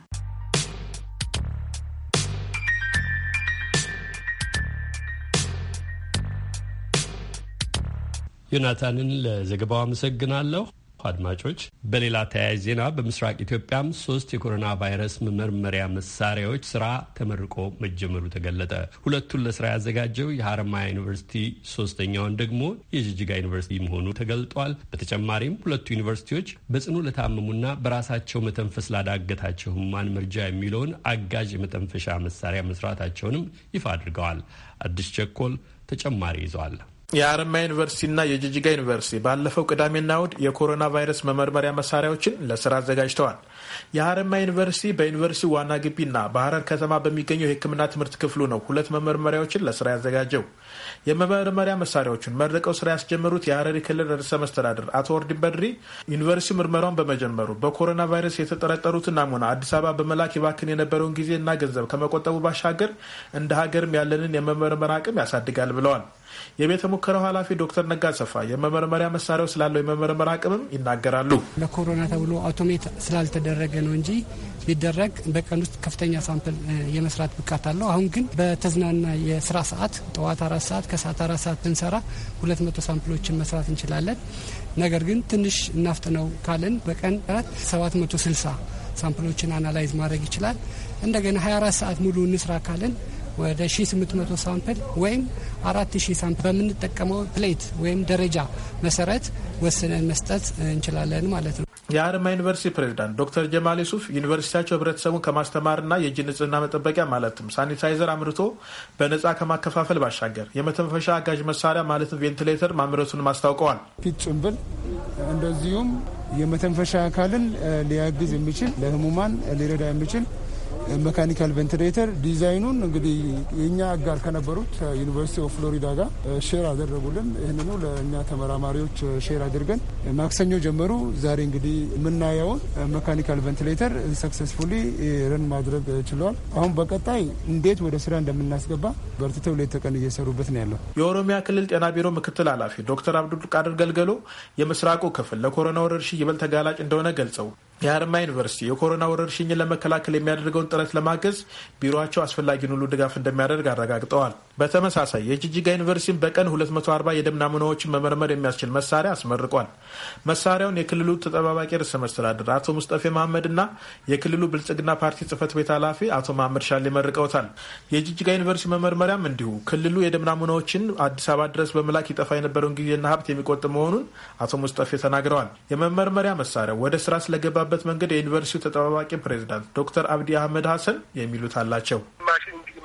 Speaker 1: ዮናታንን ለዘገባው አመሰግናለሁ። አድማጮች፣ በሌላ ተያያዥ ዜና በምስራቅ ኢትዮጵያም ሶስት የኮሮና ቫይረስ መመርመሪያ መሳሪያዎች ስራ ተመርቆ መጀመሩ ተገለጠ። ሁለቱን ለስራ ያዘጋጀው የሀረማያ ዩኒቨርሲቲ፣ ሶስተኛውን ደግሞ የጅጅጋ ዩኒቨርሲቲ መሆኑ ተገልጧል። በተጨማሪም ሁለቱ ዩኒቨርሲቲዎች በጽኑ ለታመሙና በራሳቸው መተንፈስ ላዳገታቸው ህሙማን መርጃ የሚለውን አጋዥ የመተንፈሻ መሳሪያ መስራታቸውንም ይፋ አድርገዋል። አዲስ ቸኮል ተጨማሪ ይዟል።
Speaker 9: የአረማ ዩኒቨርሲቲና የጅጅጋ ዩኒቨርሲቲ ባለፈው ቅዳሜና እሁድ የኮሮና ቫይረስ መመርመሪያ መሳሪያዎችን ለስራ አዘጋጅተዋል። የአረማ ዩኒቨርሲቲ በዩኒቨርሲቲ ዋና ግቢና በሀረር ከተማ በሚገኘው የሕክምና ትምህርት ክፍሉ ነው ሁለት መመርመሪያዎችን ለስራ ያዘጋጀው። የመመርመሪያ መሳሪያዎቹን መርቀው ስራ ያስጀመሩት የሀረሪ ክልል ርዕሰ መስተዳድር አቶ ወርዲ በድሪ ዩኒቨርሲቲ ምርመራውን በመጀመሩ በኮሮና ቫይረስ የተጠረጠሩትን ናሙና አዲስ አበባ በመላክ ይባክን የነበረውን ጊዜና ገንዘብ ከመቆጠቡ ባሻገር እንደ ሀገርም ያለንን የመመርመር አቅም ያሳድጋል ብለዋል። የቤተ ሙከራው ኃላፊ ዶክተር ነጋ ሰፋ የመመርመሪያ መሳሪያው ስላለው የመመርመር አቅምም ይናገራሉ። ለኮሮና
Speaker 10: ተብሎ አውቶሜት ስላልተደረገ ነው እንጂ ቢደረግ በቀን ውስጥ ከፍተኛ ሳምፕል የመስራት ብቃት አለው። አሁን ግን በተዝናና የስራ ሰዓት ጠዋት አራት ሰዓት ከሰዓት አራት ሰዓት ብንሰራ ሁለት መቶ ሳምፕሎችን መስራት እንችላለን። ነገር ግን ትንሽ እናፍጥነው ካለን በቀን ራት ሰባት መቶ ስልሳ ሳምፕሎችን አናላይዝ ማድረግ ይችላል። እንደገና 24 ሰዓት ሙሉ እንስራ ካለን ወደ 1800 ሳምፕል ወይም 4000 ሳምፕል በምንጠቀመው ፕሌት ወይም ደረጃ መሰረት ወስነን መስጠት እንችላለን ማለት ነው።
Speaker 9: የአርማ ዩኒቨርሲቲ ፕሬዚዳንት ዶክተር ጀማል ዩሱፍ ዩኒቨርሲቲያቸው ህብረተሰቡን ከማስተማርና የእጅ ንጽህና መጠበቂያ ማለትም ሳኒታይዘር አምርቶ በነጻ ከማከፋፈል ባሻገር የመተንፈሻ አጋዥ መሳሪያ ማለትም ቬንቲሌተር ማምረቱንም አስታውቀዋል።
Speaker 5: ፊት ጭንብል እንደዚሁም የመተንፈሻ አካልን ሊያግዝ የሚችል ለህሙማን ሊረዳ የሚችል መካኒካል ቬንቲሌተር ዲዛይኑን እንግዲህ የእኛ አጋር ከነበሩት ዩኒቨርሲቲ ኦፍ ፍሎሪዳ ጋር ሼር አደረጉልን። ይህንኑ ለእኛ ተመራማሪዎች ሼር አድርገን ማክሰኞ ጀመሩ። ዛሬ እንግዲህ የምናየውን መካኒካል ቬንቲሌተር ሰክሰስፉሊ ረን ማድረግ ችለዋል። አሁን በቀጣይ እንዴት ወደ ስራ እንደምናስገባ በርትተው ሌት ተቀን እየሰሩበት ነው ያለው።
Speaker 9: የኦሮሚያ ክልል ጤና ቢሮ ምክትል ኃላፊ ዶክተር አብዱል ቃድር ገልገሎ የምስራቁ ክፍል ለኮሮና ወረርሽኝ ይበልጥ ተጋላጭ እንደሆነ ገልጸው የአርማ ዩኒቨርሲቲ የኮሮና ወረርሽኝን ለመከላከል የሚያደርገውን ጥረት ለማገዝ ቢሮቸው አስፈላጊውን ሁሉ ድጋፍ እንደሚያደርግ አረጋግጠዋል። በተመሳሳይ የጂጂጋ ዩኒቨርሲቲን በቀን 240 የደም ናሙናዎችን መመርመር የሚያስችል መሳሪያ አስመርቋል። መሳሪያውን የክልሉ ተጠባባቂ ርዕሰ መስተዳድር አቶ ሙስጠፌ መሐመድ የክልሉ ብልጽግና ፓርቲ ጽህፈት ቤት ኃላፊ አቶ መሐመድ ሻሌ መርቀውታል። የጂጂጋ ዩኒቨርሲቲ መመርመሪያም እንዲሁ ክልሉ የደም ናሙናዎችን አዲስ አበባ ድረስ በመላክ ይጠፋ የነበረውን ጊዜና ሀብት የሚቆጥ መሆኑን አቶ ሙስጠፌ ተናግረዋል። የመመርመሪያ መሳሪያው ወደ ስራ ስለገባበት መንገድ የዩኒቨርሲቲው ተጠባባቂ ፕሬዚዳንት ዶክተር አብዲ አህመድ ሀሰን የሚሉት አላቸው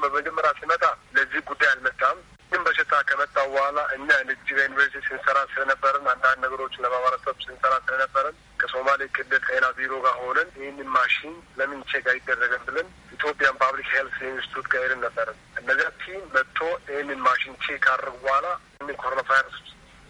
Speaker 9: በመጀመሪያ ሲመጣ ለዚህ ጉዳይ
Speaker 11: አልመጣም። ግን በሽታ ከመጣ በኋላ እኛ ጅጅጋ ዩኒቨርሲቲ ስንሰራ ስለነበረን አንዳንድ ነገሮች ለማህበረሰብ ስንሰራ ስለነበረን ከሶማሌ ክልል ጤና ቢሮ ጋር ሆነን ይህንን ማሽን ለምን ቼክ አይደረገም ብለን ኢትዮጵያን ፓብሊክ ሄልት ኢንስቲቱት ጋር ሄደን ነበረን። እነዚያ ቲም መጥቶ ይህንን ማሽን ቼክ ካደረጉ በኋላ ኮሮና ቫይረስ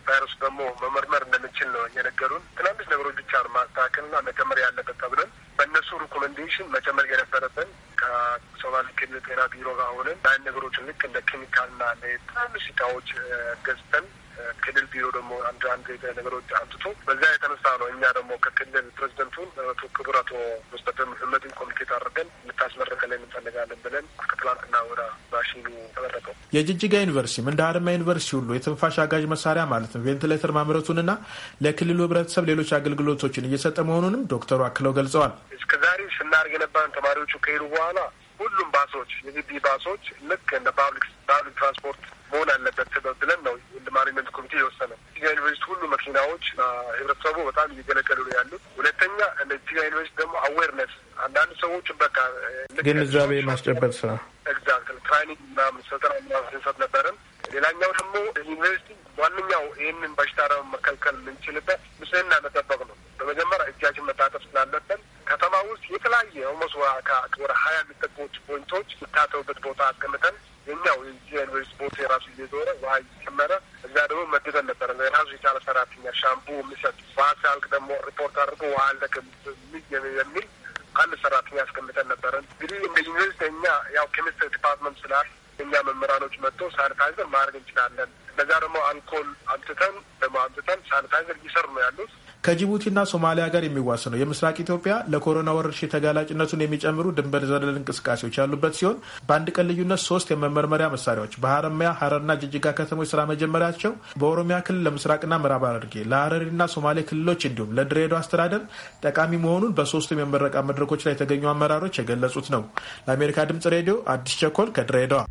Speaker 11: ቫይረሱ ደግሞ መመርመር እንደምንችል ነው የነገሩን። ትናንሽ ነገሮች ብቻ ነው ማስተካከልና መጨመር ያለበት ተብለን በእነሱ ሪኮመንዴሽን መጨመር የነበረብን ከሶማሌ ክልል ጤና ቢሮ ጋር ሆነን ያን ነገሮችን ልክ እንደ ኬሚካልና ትናንሽ እቃዎች ገዝተን ክልል ቢሮ ደግሞ አንድ ነገሮች አምጥቶ በዛ የተነሳ ነው እኛ ደግሞ ከክልል ፕሬዚደንቱን ክቡር አቶ ሙስጠፈ መሐመድን ኮሚኒኬት አድርገን ላይ እንፈልጋለን ብለን
Speaker 8: ከትላንትና ወደ ባሽኑ ተመረቀው።
Speaker 9: የጅጅጋ ዩኒቨርሲቲም እንደ ሀረማያ ዩኒቨርሲቲ ሁሉ የትንፋሽ አጋዥ መሳሪያ ማለት ነው ቬንትሌተር ማምረቱንና ለክልሉ ህብረተሰብ ሌሎች አገልግሎቶችን እየሰጠ መሆኑንም ዶክተሩ አክለው ገልጸዋል። እስከዛሬ
Speaker 11: ስናደርግ የነበረን ተማሪዎቹ ከሄዱ በኋላ ሁሉም ባሶች የግቢ ባሶች ልክ እንደ ፓብሊክ ትራንስፖርት መሆን አለበት ብለን ነው ማኔጅመንት ኮሚቴ የወሰነ። ጅጋ ዩኒቨርሲቲ ሁሉ መኪናዎች ህብረተሰቡ በጣም እየገለገሉ ነው
Speaker 9: ያሉት። ሁለተኛ እንደ ጅጋ ዩኒቨርሲቲ ደግሞ አዌርነስ አንዳንድ ሰዎች በቃ ግንዛቤ ማስጨበጥ ስራ ኤግዛክት ትራይኒንግ ምናምን ስልጠና ምናምን ስንሰጥ
Speaker 11: ነበረን። ሌላኛው ደግሞ ዩኒቨርሲቲ ዋነኛው ይህንን በሽታ መከልከል የምንችልበት ንጽህና መጠበቅ ነው። በመጀመሪያ እጃችን መታጠብ ስላለብን ከተማ ውስጥ የተለያየ ሞስ ወደ ሀያ የሚጠጉ ፖይንቶች የምታተውበት ቦታ አስቀምጠን የኛው የዩኒቨርሲቲ ስፖርት የራሱ እየዞረ ውሀ እየጨመረ እዛ ደግሞ መድተን ነበረ የራሱ የቻለ ሰራተኛ ሻምፑ የሚሰጥ ውሀ ደግሞ ሪፖርት አድርጎ ውሀ አለቅ የሚል አንድ ሰራተኛ ያስቀምጠን ነበረ። እንግዲህ እንደ ዩኒቨርሲቲ እኛ ያው ኬሚስትሪ ዲፓርትመንት ስላል እኛ መምህራኖች መጥቶ ሳኒታይዘር ማድረግ እንችላለን።
Speaker 9: በዛ ደግሞ አልኮል አምጥተን ደግሞ አምጥተን ሳኒታይዘር እየሰሩ ነው ያሉት። ከጅቡቲና ሶማሊያ ጋር የሚዋስነው የምስራቅ ኢትዮጵያ ለኮሮና ወረርሽኝ ተጋላጭነቱን የሚጨምሩ ድንበር ዘለል እንቅስቃሴዎች ያሉበት ሲሆን በአንድ ቀን ልዩነት ሶስት የመመርመሪያ መሳሪያዎች በሀረማያ፣ ሀረርና ጅጅጋ ከተሞች ስራ መጀመሪያቸው በኦሮሚያ ክልል ለምስራቅና ምዕራብ አድርጌ ለሀረሪና ሶማሌ ክልሎች እንዲሁም ለድሬዳዋ አስተዳደር ጠቃሚ መሆኑን በሶስቱም የመረቃ መድረኮች ላይ የተገኙ አመራሮች የገለጹት ነው። ለአሜሪካ ድምጽ ሬዲዮ አዲስ ቸኮል ከድሬዳዋ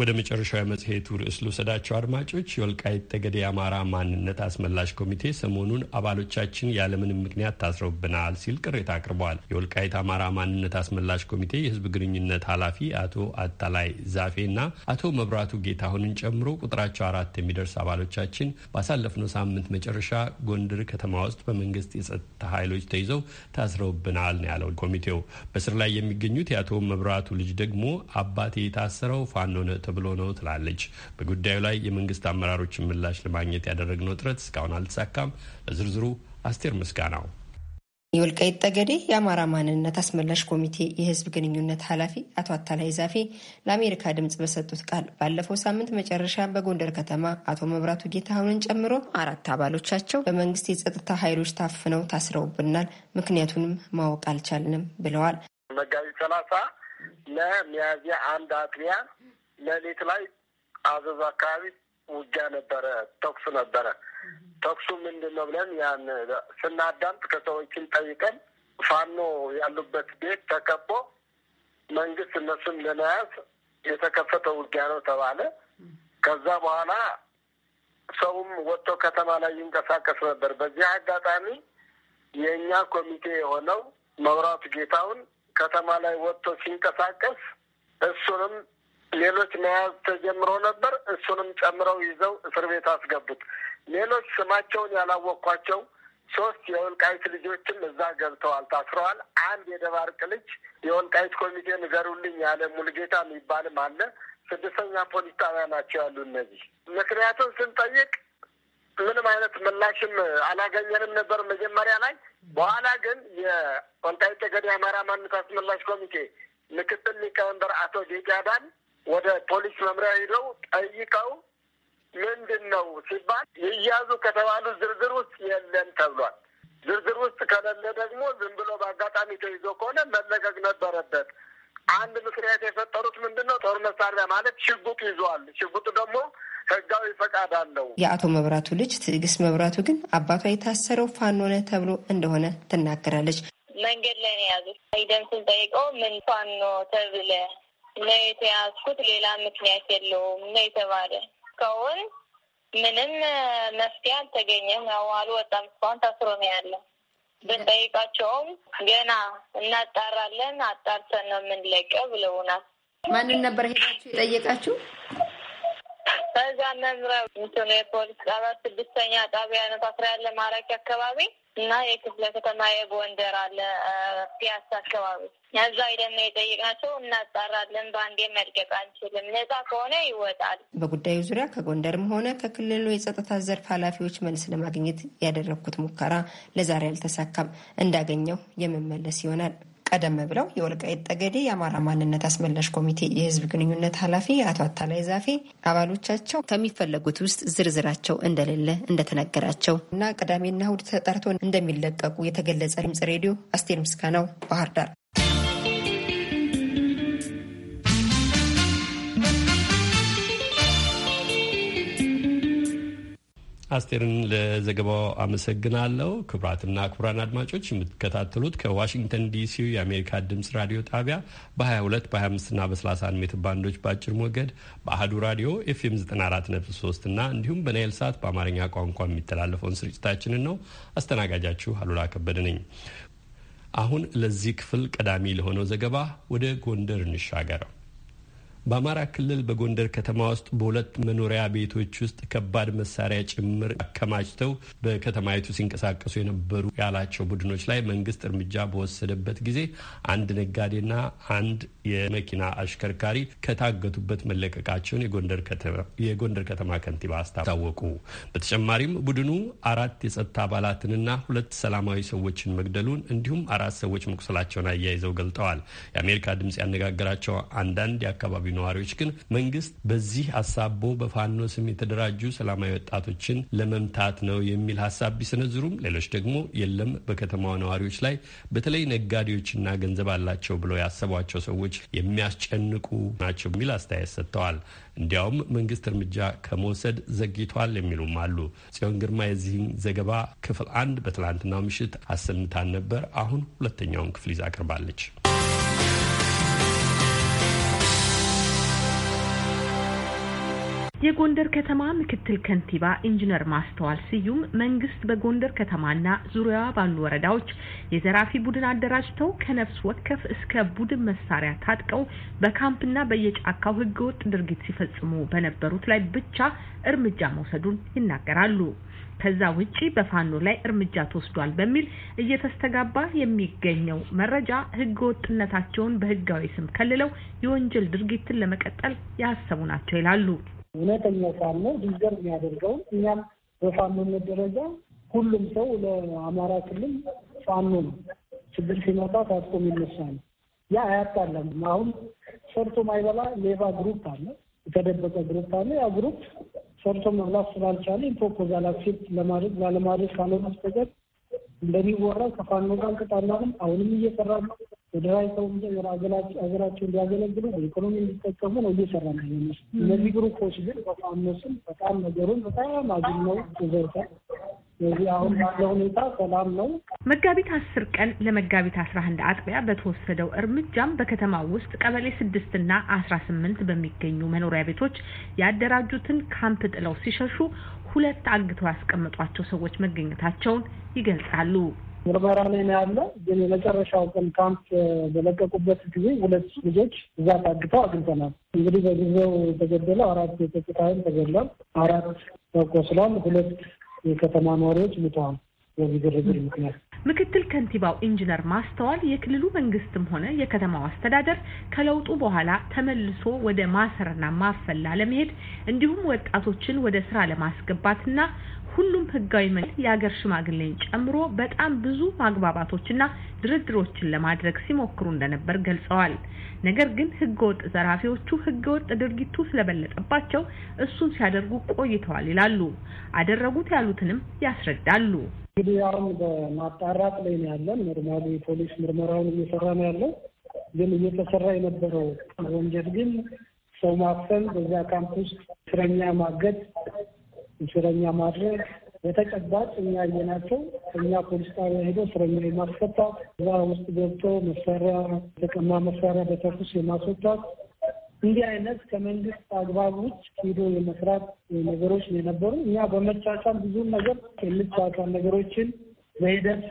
Speaker 9: ወደ
Speaker 1: መጨረሻው የመጽሔቱ ርዕስ ልውሰዳቸው አድማጮች። የወልቃይት ጠገዴ የአማራ ማንነት አስመላሽ ኮሚቴ ሰሞኑን አባሎቻችን ያለምንም ምክንያት ታስረውብናል ሲል ቅሬታ አቅርበዋል። የወልቃይት አማራ ማንነት አስመላሽ ኮሚቴ የህዝብ ግንኙነት ኃላፊ አቶ አታላይ ዛፌና አቶ መብራቱ ጌታሁንን ጨምሮ ቁጥራቸው አራት የሚደርስ አባሎቻችን ባሳለፍነው ሳምንት መጨረሻ ጎንደር ከተማ ውስጥ በመንግስት የጸጥታ ኃይሎች ተይዘው ታስረውብናል ነው ያለው ኮሚቴው። በስር ላይ የሚገኙት የአቶ መብራቱ ልጅ ደግሞ አባቴ የታሰረው ፋኖ ነው ተብሎ ነው ትላለች። በጉዳዩ ላይ የመንግስት አመራሮችን ምላሽ ለማግኘት ያደረግነው ጥረት እስካሁን አልተሳካም። ለዝርዝሩ አስቴር ምስጋናው
Speaker 12: የወልቃይት ጠገዴ የአማራ ማንነት አስመላሽ ኮሚቴ የህዝብ ግንኙነት ኃላፊ አቶ አታላይ ዛፌ ለአሜሪካ ድምፅ በሰጡት ቃል ባለፈው ሳምንት መጨረሻ በጎንደር ከተማ አቶ መብራቱ ጌታሁንን ጨምሮ አራት አባሎቻቸው በመንግስት የጸጥታ ኃይሎች ታፍነው ታስረውብናል፣ ምክንያቱንም ማወቅ አልቻልንም ብለዋል።
Speaker 13: መጋቢት ሰላሳ ለሚያዝያ አንድ አጥቢያ ሌሊት ላይ አዘዝ አካባቢ ውጊያ ነበረ፣ ተኩሱ ነበረ። ተኩሱ ምንድን ነው ብለን ያን ስናዳምጥ ከሰዎችን ጠይቀን ፋኖ ያሉበት ቤት ተከቦ መንግስት እነሱን ለመያዝ የተከፈተ ውጊያ ነው ተባለ። ከዛ በኋላ ሰውም ወጥቶ ከተማ ላይ ይንቀሳቀስ ነበር። በዚህ አጋጣሚ የእኛ ኮሚቴ የሆነው መብራቱ ጌታውን ከተማ ላይ ወጥቶ ሲንቀሳቀስ እሱንም ሌሎች መያዝ ተጀምሮ ነበር። እሱንም ጨምረው ይዘው እስር ቤት አስገቡት። ሌሎች ስማቸውን ያላወቅኳቸው ሶስት የወልቃይት ልጆችም እዛ ገብተዋል፣ ታስረዋል። አንድ የደባርቅ ልጅ የወልቃይት ኮሚቴ ንገሩልኝ ያለ ሙልጌታ የሚባልም አለ። ስድስተኛ ፖሊስ ጣቢያ ናቸው ያሉ። እነዚህ ምክንያቱም ስንጠይቅ ምንም አይነት ምላሽም አላገኘንም ነበር መጀመሪያ ላይ። በኋላ ግን የወልቃይት ጠገዴ አማራ ማንነት አስመላሽ ኮሚቴ ምክትል ሊቀመንበር አቶ ጌጫዳን ወደ ፖሊስ መምሪያ ሂደው ጠይቀው ምንድን ነው ሲባል ይያዙ ከተባሉ ዝርዝር ውስጥ የለም ተብሏል። ዝርዝር ውስጥ ከሌለ ደግሞ ዝም ብሎ በአጋጣሚ ተይዞ ከሆነ መለቀቅ ነበረበት። አንድ ምክንያት የፈጠሩት ምንድን ነው? ጦር መሳሪያ ማለት ሽጉጥ
Speaker 12: ይዟል። ሽጉጥ ደግሞ ህጋዊ ፈቃድ አለው። የአቶ መብራቱ ልጅ ትዕግስት መብራቱ ግን አባቷ የታሰረው ፋኖ ነው ተብሎ እንደሆነ ትናገራለች።
Speaker 4: መንገድ ላይ ነው የያዙት። ሂደን
Speaker 13: ጠይቀው ምን ፋኖ ተብለ ነው የተያዝኩት። ሌላ ምክንያት የለውም ነው የተባለ። እስካሁን ምንም መፍትሄ አልተገኘም። ያው አልወጣም፣ እስካሁን ታስሮ ነው ያለ። ብንጠይቃቸውም ገና እናጣራለን፣ አጣርተን ነው የምንለቀ ብለውናል።
Speaker 12: ማንን ነበር ሄዳችሁ የጠየቃችሁ?
Speaker 13: በዛ መምሪያ እንትኑ የፖሊስ ጣቢያ ስድስተኛ ጣቢያ ነው ታስራ ያለ ማራኪ አካባቢ እና የክፍለ ከተማ የጎንደር አለ ፒያሳ አካባቢ እዛ ሄደን የጠየቅናቸው እናጣራለን። በአንዴ መልቀቅ አንችልም፣ ነጻ ከሆነ
Speaker 12: ይወጣል። በጉዳዩ ዙሪያ ከጎንደርም ሆነ ከክልሉ የጸጥታ ዘርፍ ኃላፊዎች መልስ ለማግኘት ያደረግኩት ሙከራ ለዛሬ አልተሳካም። እንዳገኘው የምመለስ ይሆናል። ቀደም ብለው የወልቃይት ጠገዴ የአማራ ማንነት አስመላሽ ኮሚቴ የህዝብ ግንኙነት ኃላፊ አቶ አታላይ ዛፌ አባሎቻቸው ከሚፈለጉት ውስጥ ዝርዝራቸው እንደሌለ እንደተነገራቸው እና ቅዳሜና እሁድ ተጠርቶ እንደሚለቀቁ የተገለጸ ድምጽ ሬዲዮ አስቴር ምስጋናው ባህር ዳር
Speaker 1: አስቴርን ለዘገባው አመሰግናለሁ። ክቡራትና ክቡራን አድማጮች የምትከታተሉት ከዋሽንግተን ዲሲ የአሜሪካ ድምፅ ራዲዮ ጣቢያ በ22 በ25ና በ31 ሜትር ባንዶች በአጭር ሞገድ በአህዱ ራዲዮ ኤፍኤም 943 እና እንዲሁም በናይል ሳት በአማርኛ ቋንቋ የሚተላለፈውን ስርጭታችንን ነው። አስተናጋጃችሁ አሉላ ከበደ ነኝ። አሁን ለዚህ ክፍል ቀዳሚ ለሆነው ዘገባ ወደ ጎንደር እንሻገረው። በአማራ ክልል በጎንደር ከተማ ውስጥ በሁለት መኖሪያ ቤቶች ውስጥ ከባድ መሳሪያ ጭምር አከማችተው በከተማይቱ ሲንቀሳቀሱ የነበሩ ያላቸው ቡድኖች ላይ መንግስት እርምጃ በወሰደበት ጊዜ አንድ ነጋዴና አንድ የመኪና አሽከርካሪ ከታገቱበት መለቀቃቸውን የጎንደር ከተማ ከንቲባ አስታወቁ። በተጨማሪም ቡድኑ አራት የጸጥታ አባላትንና ሁለት ሰላማዊ ሰዎችን መግደሉን እንዲሁም አራት ሰዎች መቁሰላቸውን አያይዘው ገልጠዋል። የአሜሪካ ድምፅ ያነጋገራቸው አንዳንድ የአካባቢው ነዋሪዎች ግን መንግስት በዚህ አሳቦ በፋኖ ስም የተደራጁ ሰላማዊ ወጣቶችን ለመምታት ነው የሚል ሀሳብ ቢሰነዝሩም ሌሎች ደግሞ የለም በከተማው ነዋሪዎች ላይ በተለይ ነጋዴዎችና ገንዘብ አላቸው ብለው ያሰቧቸው ሰዎች የሚያስጨንቁ ናቸው የሚል አስተያየት ሰጥተዋል። እንዲያውም መንግስት እርምጃ ከመውሰድ ዘግይቷል የሚሉም አሉ። ጽዮን ግርማ የዚህን ዘገባ ክፍል አንድ በትላንትናው ምሽት አሰምታን ነበር። አሁን ሁለተኛውን ክፍል ይዛ አቅርባለች።
Speaker 14: የጎንደር ከተማ ምክትል ከንቲባ ኢንጂነር ማስተዋል ስዩም መንግስት በጎንደር ከተማና ዙሪያዋ ባሉ ወረዳዎች የዘራፊ ቡድን አደራጅተው ከነፍስ ወከፍ እስከ ቡድን መሳሪያ ታጥቀው በካምፕና በየጫካው ህገወጥ ድርጊት ሲፈጽሙ በነበሩት ላይ ብቻ እርምጃ መውሰዱን ይናገራሉ። ከዛ ውጪ በፋኖ ላይ እርምጃ ተወስዷል በሚል እየተስተጋባ የሚገኘው መረጃ ህገወጥነታቸውን በህጋዊ ስም ከልለው የወንጀል ድርጊትን ለመቀጠል ያሰቡ ናቸው ይላሉ።
Speaker 10: እውነተኛው ፋኖ ዲዘርቭ የሚያደርገውን እኛም በፋኖነት ደረጃ ሁሉም ሰው ለአማራ ክልል ፋኖ ነው። ችግር ሲመጣ ታጥቆ የሚነሳ ነው። ያ አያጣለም። አሁን ሰርቶ ማይበላ ሌባ ግሩፕ አለ፣ የተደበቀ ግሩፕ አለ። ያ ግሩፕ ሰርቶ መብላት ስላልቻለ ፕሮፖዛል አክሴፕት ለማድረግ ባለማድረግ ካልሆነ በስተቀር እንደሚወራው ከፋኖ ጋር እንቀጣለን። አሁንም እየሰራ ነው። ወደላይ ሰው ሀገራቸው እንዲያገለግሉ በኢኮኖሚ እንዲጠቀሙ ነው እየሰራ ነው። እነዚህ ግሩፖች ግን በፋኖስም በጣም ነገሩን በጣም አግኘው ይዘውታል። አሁን ባለው ሁኔታ ሰላም ነው።
Speaker 14: መጋቢት አስር ቀን ለመጋቢት አስራ አንድ አጥቢያ በተወሰደው እርምጃም በከተማ ውስጥ ቀበሌ ስድስት እና አስራ ስምንት በሚገኙ መኖሪያ ቤቶች ያደራጁትን ካምፕ ጥለው ሲሸሹ ሁለት አግተው ያስቀመጧቸው ሰዎች
Speaker 10: መገኘታቸውን ይገልጻሉ። ምርመራ ላይ ነው ያለ። ግን የመጨረሻው ቀን ካምፕ በለቀቁበት ጊዜ ሁለት ልጆች እዛ ታግተው አግኝተናል። እንግዲህ በጊዜው የተገደለው አራት የጸጥታ ኃይል ተገድሏል፣ አራት ተቆስሏል፣ ሁለት የከተማ ነዋሪዎች ሙተዋል። በዚህ ግርግር ምክንያት
Speaker 14: ምክትል ከንቲባው ኢንጂነር ማስተዋል የክልሉ መንግስትም ሆነ የከተማው አስተዳደር ከለውጡ በኋላ ተመልሶ ወደ ማሰርና ማፈላ ለመሄድ እንዲሁም ወጣቶችን ወደ ስራ ለማስገባትና ሁሉም ህጋዊ መንገድ የአገር ሽማግሌን ጨምሮ በጣም ብዙ ማግባባቶችና ድርድሮችን ለማድረግ ሲሞክሩ እንደነበር ገልጸዋል። ነገር ግን ህገወጥ ዘራፊዎቹ ህገወጥ ድርጊቱ ስለበለጠባቸው እሱን ሲያደርጉ ቆይተዋል ይላሉ። አደረጉት ያሉትንም ያስረዳሉ።
Speaker 10: እንግዲህ አሁን በማጣራት ላይ ነው ያለን። ኖርማሊ ፖሊስ ምርመራውን እየሰራ ነው ያለው። ግን እየተሰራ የነበረው ወንጀል ግን ሰው ማፈን፣ በዚያ ካምፕ ውስጥ እስረኛ ማገድ እስረኛ ማድረግ በተጨባጭ እኛ ያየናቸው እኛ ፖሊስ ጣቢያ ሄዶ እስረኛ የማስፈታት እዛ ውስጥ ገብቶ መሳሪያ ተቀማ መሳሪያ በተኩስ የማስወጣት እንዲህ አይነት ከመንግስት አግባብ ውጭ ሂዶ የመስራት ነገሮች ነው የነበሩ። እኛ በመቻቻል ብዙ ነገር የምቻቻል ነገሮችን በሂደት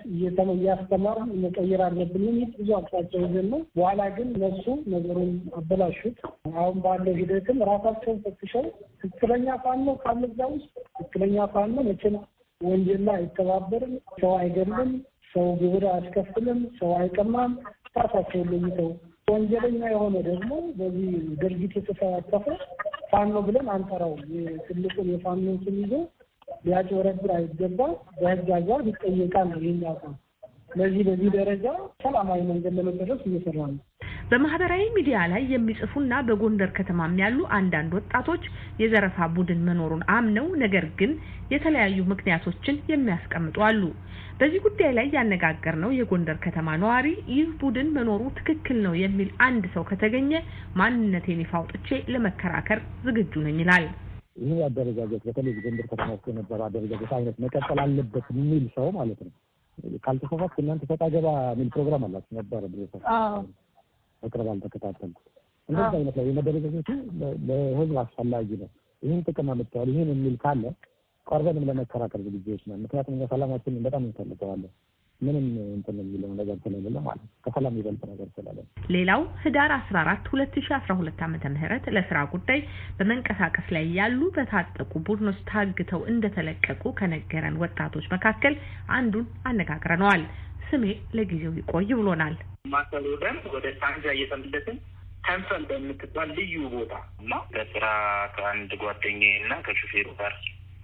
Speaker 10: እያስተማር መቀየር አለብን የሚል ብዙ አቅጣጫ ይዘን ነው። በኋላ ግን እነሱ ነገሩን አበላሹት። አሁን ባለው ሂደትም ራሳቸውን ፈትሸው ትክክለኛ ፋኖ ካለ ውስጥ ትክክለኛ ፋኖ መቼም ወንጀል አይተባበርም፣ ሰው አይገልም፣ ሰው ግብር አያስከፍልም፣ ሰው አይቀማም። ራሳቸውን ለይተው ወንጀለኛ የሆነ ደግሞ በዚህ ድርጊት የተሰባሰፈ ፋኖ ብለን አንጠራውም። ትልቁን የፋኖ ስም ይዞ ሊያጭበረብር አይገባም፣ በህግ አግባብ ይጠየቃል ነው የኛ አቋም። በዚህ ደረጃ ሰላማዊ መንገድ ለመጨረስ
Speaker 14: እየሰራ ነው። በማህበራዊ ሚዲያ ላይ የሚጽፉና በጎንደር ከተማም ያሉ አንዳንድ ወጣቶች የዘረፋ ቡድን መኖሩን አምነው ነገር ግን የተለያዩ ምክንያቶችን የሚያስቀምጡ አሉ። በዚህ ጉዳይ ላይ ያነጋገርነው የጎንደር ከተማ ነዋሪ ይህ ቡድን መኖሩ ትክክል ነው የሚል አንድ ሰው ከተገኘ ማንነቴን ይፋ አውጥቼ ለመከራከር ዝግጁ
Speaker 10: ነኝ ይላል። ይህን አደረጃጀት በተለይ ጎንደር ከተማ ውስጥ የነበረ አደረጃጀት አይነት መቀጠል አለበት የሚል ሰው ማለት ነው። ካልተሳሳትኩ እናንተ ሰጣ ገባ የሚል ፕሮግራም አላችሁ ነበረ ብሰ በቅርብ አልተከታተልኩት። እንደዚህ አይነት ላይ የመደረጃጀቱ ለህዝብ አስፈላጊ ነው። ይህን ጥቅም አምጥተዋል ይህን የሚል ካለ ቀርበንም ለመከራከር ዝግጅዎች ነው። ምክንያቱም እኛ
Speaker 15: ሰላማችንን በጣም እንፈልገዋለን። ምንም እንትን የሚለው ነገር ስለሌለ ማለት ነው። ከሰላም ይበልጥ ነገር
Speaker 14: ስለሌለ ሌላው ህዳር አስራ አራት ሁለት ሺ አስራ ሁለት ዓመተ ምህረት ለስራ ጉዳይ በመንቀሳቀስ ላይ ያሉ በታጠቁ ቡድኖች ታግተው እንደተለቀቁ ከነገረን ወጣቶች መካከል አንዱን አነጋግረነዋል። ስሜ ለጊዜው ይቆይ ብሎናል።
Speaker 15: ማሰሉ ወደን ወደ ሳንጃ እየተመለስን ከንፈል በምትባል ልዩ ቦታ እና በስራ ከአንድ ጓደኛዬ እና ከሹፌሩ ጋር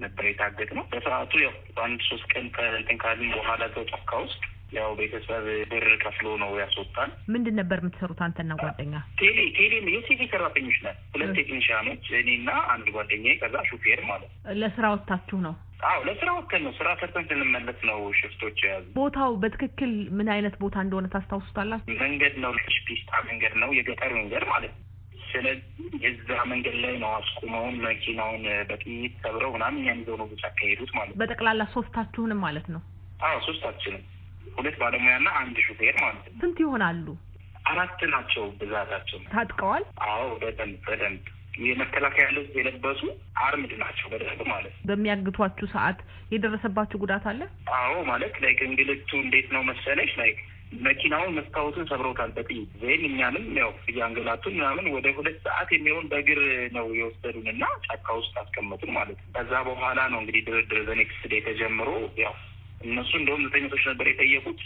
Speaker 15: ነበር የታገድ ነው። በሰዓቱ ያው በአንድ ሶስት ቀን ከእንትን ካልን በኋላ ጫካ ውስጥ ያው ቤተሰብ ብር ከፍሎ ነው ያስወጣል።
Speaker 14: ምንድን ነበር የምትሰሩት አንተና ጓደኛ?
Speaker 15: ቴሌ ቴሌ የቴሌ ሰራተኞች ነን። ሁለት ቴክኒሽያኖች እኔና አንድ ጓደኛ፣ ከዛ ሹፌር ማለት
Speaker 14: ነው። ለስራ ወጥታችሁ ነው?
Speaker 15: አዎ ለስራ ወጥተን ነው። ስራ ሰርተን ስንመለስ ነው ሽፍቶች የያዙ።
Speaker 14: ቦታው በትክክል ምን አይነት ቦታ እንደሆነ ታስታውሱታላችሁ?
Speaker 15: መንገድ ነው፣ ሽፒስታ መንገድ ነው፣ የገጠር መንገድ ማለት ነው። ስለዚህ የዛ መንገድ ላይ ነው አስቁመውን መኪናውን በጥይት ሰብረው ምናምን እኛን ይዘው ነው ብቻ አካሄዱት ማለት
Speaker 14: ነው። በጠቅላላ ሶስታችሁንም ማለት ነው?
Speaker 15: አዎ ሶስታችንም፣ ሁለት ባለሙያና አንድ ሹፌር ማለት
Speaker 14: ነው። ስንት ይሆናሉ?
Speaker 15: አራት ናቸው ብዛታቸው። ታጥቀዋል? አዎ በደንብ በደንብ የመከላከያ ልብስ የለበሱ አርምድ ናቸው በደንብ ማለት
Speaker 14: ነው። በሚያግቷችሁ ሰዓት የደረሰባችሁ ጉዳት አለ?
Speaker 15: አዎ ማለት ላይክ እንግልቱ እንዴት ነው መሰለች ላይክ መኪናውን መስታወቱን ሰብረውታል በጥይት ዜን እኛንም ያው እያንገላቱን ምናምን ወደ ሁለት ሰዓት የሚሆን በእግር ነው የወሰዱን እና ጫካ ውስጥ አስቀመጡን ማለት ነው። ከዛ በኋላ ነው እንግዲህ ድርድር ዘኔክስ ዴይ ተጀምሮ ያው እነሱ እንደውም ዘጠኝ መቶች ነበር የጠየቁት።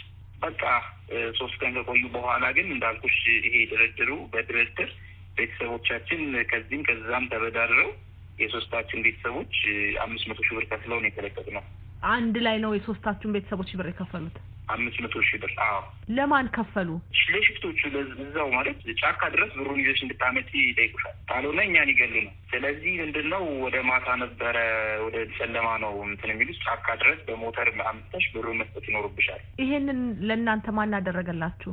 Speaker 15: በቃ ሶስት ቀን ከቆዩ በኋላ ግን እንዳልኩሽ ይሄ ድርድሩ በድርድር ቤተሰቦቻችን ከዚህም ከዛም ተበዳድረው የሶስታችን ቤተሰቦች አምስት መቶ ሺህ ብር ከፍለው ነው የተለቀቅነው።
Speaker 14: አንድ ላይ ነው የሶስታችን ቤተሰቦች ብር የከፈሉት።
Speaker 15: አምስት መቶ ሺህ ብር አዎ
Speaker 14: ለማን ከፈሉ?
Speaker 15: ለሽፍቶቹ እዛው ማለት ጫካ ድረስ ብሩን ይዘሽ እንድታመጪ ይጠይቁሻል። ካልሆነ እኛን ይገሉ ነው። ስለዚህ ምንድን ነው ወደ ማታ ነበረ ወደ ሰለማ ነው እንትን የሚሉት ጫካ ድረስ በሞተር አምጥተሽ ብሩ መስጠት ይኖርብሻል።
Speaker 14: ይሄንን ለእናንተ ማን አደረገላችሁ?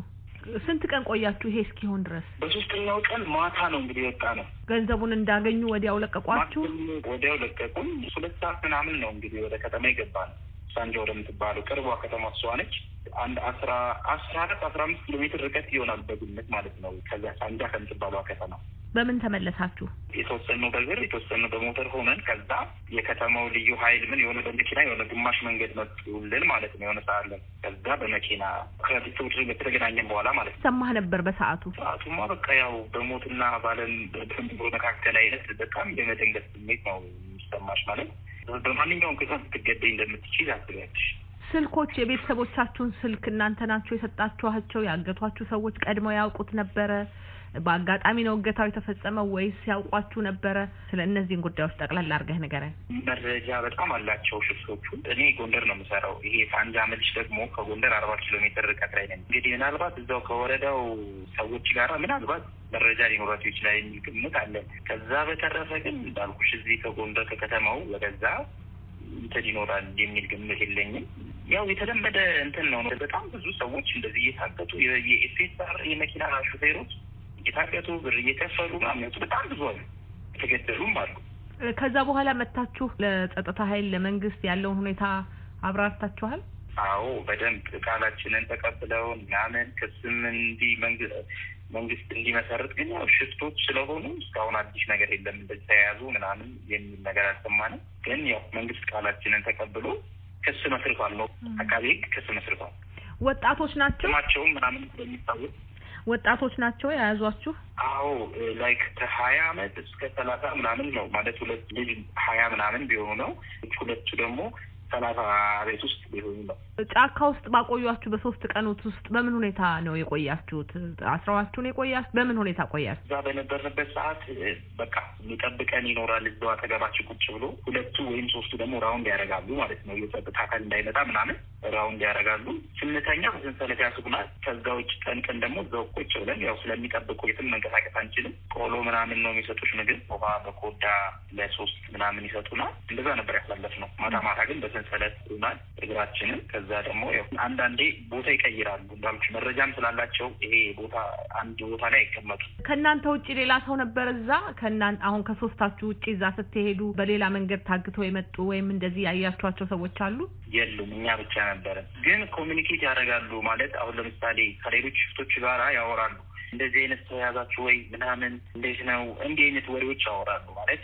Speaker 14: ስንት ቀን ቆያችሁ ይሄ እስኪሆን ድረስ?
Speaker 15: በሶስተኛው ቀን ማታ ነው እንግዲህ የወጣ ነው።
Speaker 14: ገንዘቡን እንዳገኙ ወዲያው ለቀቋችሁ?
Speaker 15: ወዲያው ለቀቁን። ሁለት ሰዓት ምናምን ነው እንግዲህ ወደ ከተማ የገባ ነው። ሳንጆ ወደ የምትባለው ቅርቧ ከተማ እሷ ነች። አንድ አስራ አስራ አራት አስራ አምስት ኪሎ ሜትር ርቀት ይሆናል በግምት ማለት ነው። ከዚያ ሳንጃ ከምትባለዋ ከተማ
Speaker 14: በምን ተመለሳችሁ?
Speaker 15: የተወሰኑ በእግር የተወሰኑ በሞተር ሆነን ከዛ የከተማው ልዩ ኃይል ምን የሆነ በመኪና የሆነ ግማሽ መንገድ መጡልን ማለት ነው። የሆነ ሰዓለን ከዛ በመኪና ከቤተሰቦች በተገናኘን በኋላ ማለት
Speaker 14: ነው። ሰማህ ነበር በሰዓቱ?
Speaker 15: ሰዓቱማ በቃ ያው በሞትና ባለን በምሮ መካከል አይነት በጣም የመደንገጥ ስሜት ነው የሚሰማሽ ማለት በማንኛውም ክሳ ትገደኝ እንደምትችል አስቢያለሽ።
Speaker 14: ስልኮች የቤተሰቦቻችሁን ስልክ እናንተ ናቸው የሰጣችኋቸው? ያገቷችሁ ሰዎች ቀድመው ያውቁት ነበረ? በአጋጣሚ ነው እገታው የተፈጸመው ወይስ ያውቋችሁ ነበረ? ስለ እነዚህን ጉዳዮች ጠቅላላ አድርገህ ንገረን።
Speaker 15: መረጃ በጣም አላቸው ሽፍቶቹ። እኔ ጎንደር ነው የምሰራው። ይሄ አንድ አመልሽ ደግሞ ከጎንደር አርባ ኪሎ ሜትር ርቀት ላይ ነን። እንግዲህ ምናልባት እዛው ከወረዳው ሰዎች ጋራ ምናልባት መረጃ ሊኖራቸው ይችላል የሚል ግምት አለ። ከዛ በተረፈ ግን እንዳልኩሽ እዚህ ከጎንደር ከከተማው ወደዛ እንትን ይኖራል የሚል ግምት የለኝም። ያው የተለመደ እንትን ነው ነው በጣም ብዙ ሰዎች እንደዚህ እየታገጡ የኤፌሳር የመኪና ሹፌሮች እየታገጡ ብር እየከፈሉ ማምነቱ በጣም ብዙ አሉ፣ የተገደሉም አሉ።
Speaker 14: ከዛ በኋላ መታችሁ ለጸጥታ ኃይል ለመንግስት ያለውን ሁኔታ አብራርታችኋል?
Speaker 15: አዎ በደንብ ቃላችንን ተቀብለውን ምናምን ክስም እንዲህ መንግስት መንግስት እንዲመሰርት ግን ያው ሽፍቶች ስለሆኑ እስካሁን አዲስ ነገር የለም እንደዚህ ተያያዙ ምናምን የሚል ነገር አልሰማንም። ግን ያው መንግስት ቃላችንን ተቀብሎ ክስ መስርቷል ነው አቃቤ ህግ ክስ መስርቷል።
Speaker 14: ወጣቶች ናቸው ስማቸውም
Speaker 15: ምናምን የሚታወቅ
Speaker 14: ወጣቶች ናቸው የያዟችሁ?
Speaker 15: አዎ ላይክ ከሀያ አመት እስከ ሰላሳ ምናምን ነው ማለት ሁለት ልጅ ሀያ ምናምን ቢሆኑ ነው። ሁለቱ ደግሞ ሰላሳ ቤት ውስጥ ሊሆኑ ነው።
Speaker 14: ጫካ ውስጥ ባቆያችሁ በሶስት ቀኖት ውስጥ በምን ሁኔታ ነው የቆያችሁት? አስራዋችሁን የቆያ በምን ሁኔታ ቆያችሁ?
Speaker 15: እዛ በነበርንበት ሰዓት በቃ የሚጠብቀን ይኖራል። እዛዋ ተገባች ቁጭ ብሎ ሁለቱ ወይም ሶስቱ ደግሞ ራውንድ ያደርጋሉ ማለት ነው። የጸጥታ አካል እንዳይመጣ ምናምን ራውንድ ያደርጋሉ። ስንተኛ ስንሰለፊያ ያስሩናል። ከዛ ውጭ ጠንቅን ደግሞ እዛው ቁጭ ብለን ያው ስለሚጠብቁ የትም መንቀሳቀስ አንችልም። ቆሎ ምናምን ነው የሚሰጡት ምግብ ውሃ በኮዳ ለሶስት ምናምን ይሰጡና እንደዛ ነበር ያሳለፍነው። ማታ ማታ ግን በሰ ሰንሰለት ሆናል እግራችንም። ከዛ ደግሞ አንዳንዴ ቦታ ይቀይራሉ እንዳልኩሽ መረጃም ስላላቸው ይሄ ቦታ አንድ ቦታ ላይ አይቀመጡ።
Speaker 14: ከእናንተ ውጭ ሌላ ሰው ነበር እዛ? ከእናንተ አሁን ከሶስታችሁ ውጭ እዛ ስትሄዱ በሌላ መንገድ ታግተው የመጡ ወይም እንደዚህ ያያችኋቸው ሰዎች አሉ?
Speaker 15: የሉም። እኛ ብቻ ነበረን። ግን ኮሚኒኬት ያደርጋሉ ማለት አሁን ለምሳሌ ከሌሎች ሽፍቶች ጋር ያወራሉ። እንደዚህ አይነት ተያዛችሁ ወይ ምናምን እንዴት ነው እንዲህ አይነት ወሬዎች ያወራሉ ማለት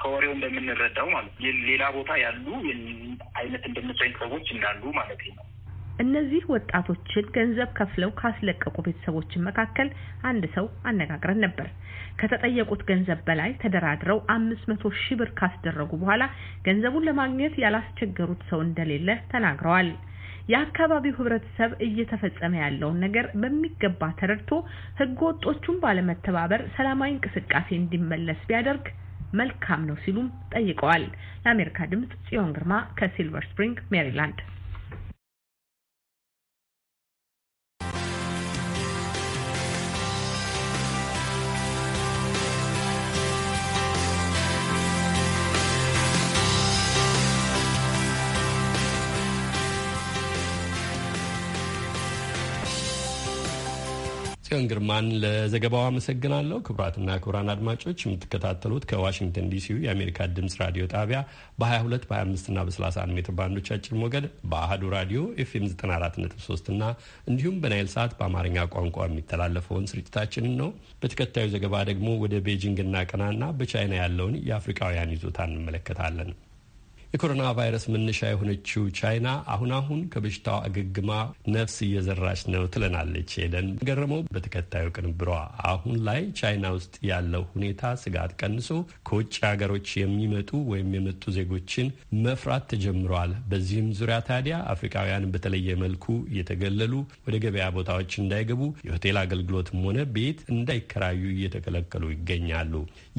Speaker 15: ከወሬው እንደምንረዳው ማለት ሌላ ቦታ ያሉ አይነት እንደምታይ ሰዎች እንዳሉ
Speaker 8: ማለት ነው።
Speaker 14: እነዚህ ወጣቶችን ገንዘብ ከፍለው ካስለቀቁ ቤተሰቦችን መካከል አንድ ሰው አነጋግረን ነበር። ከተጠየቁት ገንዘብ በላይ ተደራድረው አምስት መቶ ሺህ ብር ካስደረጉ በኋላ ገንዘቡን ለማግኘት ያላስቸገሩት ሰው እንደሌለ ተናግረዋል። የአካባቢው ህብረተሰብ እየተፈጸመ ያለውን ነገር በሚገባ ተረድቶ ህገወጦቹን ወጦቹን ባለመተባበር ሰላማዊ እንቅስቃሴ እንዲመለስ ቢያደርግ መልካም ነው ሲሉም ጠይቀዋል። ለአሜሪካ ድምጽ ጽዮን ግርማ ከሲልቨር ስፕሪንግ ሜሪላንድ
Speaker 1: ጽዮን ግርማን ለዘገባው አመሰግናለሁ። ክቡራትና ክቡራን አድማጮች የምትከታተሉት ከዋሽንግተን ዲሲው የአሜሪካ ድምፅ ራዲዮ ጣቢያ በ22 በ25ና በ31 ሜትር ባንዶች አጭር ሞገድ በአህዱ ራዲዮ ኤፍኤም 943 እና እንዲሁም በናይል ሰዓት በአማርኛ ቋንቋ የሚተላለፈውን ስርጭታችንን ነው። በተከታዩ ዘገባ ደግሞ ወደ ቤጂንግ እናቀናና በቻይና ያለውን የአፍሪካውያን ይዞታ እንመለከታለን። የኮሮና ቫይረስ መነሻ የሆነችው ቻይና አሁን አሁን ከበሽታው አገግማ ነፍስ እየዘራች ነው ትለናለች ሄደን ገረመው በተከታዩ ቅንብሯ። አሁን ላይ ቻይና ውስጥ ያለው ሁኔታ ስጋት ቀንሶ ከውጭ ሀገሮች የሚመጡ ወይም የመጡ ዜጎችን መፍራት ተጀምረዋል። በዚህም ዙሪያ ታዲያ አፍሪካውያን በተለየ መልኩ እየተገለሉ ወደ ገበያ ቦታዎች እንዳይገቡ የሆቴል አገልግሎትም ሆነ ቤት እንዳይከራዩ እየተከለከሉ ይገኛሉ።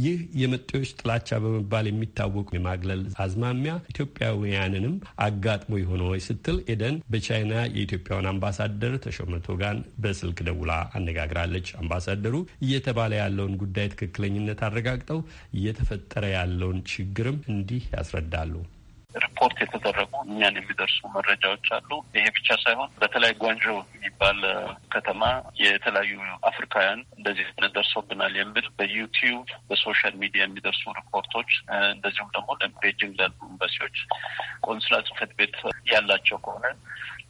Speaker 1: ይህ የመጤዎች ጥላቻ በመባል የሚታወቁ የማግለል አዝማሚያ ኢትዮጵያውያንንም አጋጥሞ የሆነ ወይ ስትል ኤደን በቻይና የኢትዮጵያውን አምባሳደር ተሾመ ቶጋን በስልክ ደውላ አነጋግራለች። አምባሳደሩ እየተባለ ያለውን ጉዳይ ትክክለኝነት አረጋግጠው እየተፈጠረ ያለውን ችግርም እንዲህ ያስረዳሉ።
Speaker 8: ሪፖርት የተደረጉ እኛን የሚደርሱ መረጃዎች አሉ። ይሄ ብቻ ሳይሆን በተለይ ጓንጆ የሚባል ከተማ የተለያዩ አፍሪካውያን እንደዚህ ደርሶብናል የሚል በዩቲዩብ በሶሻል ሚዲያ የሚደርሱ ሪፖርቶች እንደዚሁም ደግሞ ለቤጂንግ ላሉ ኤምባሲዎች ቆንስላ ጽህፈት ቤት ያላቸው ከሆነ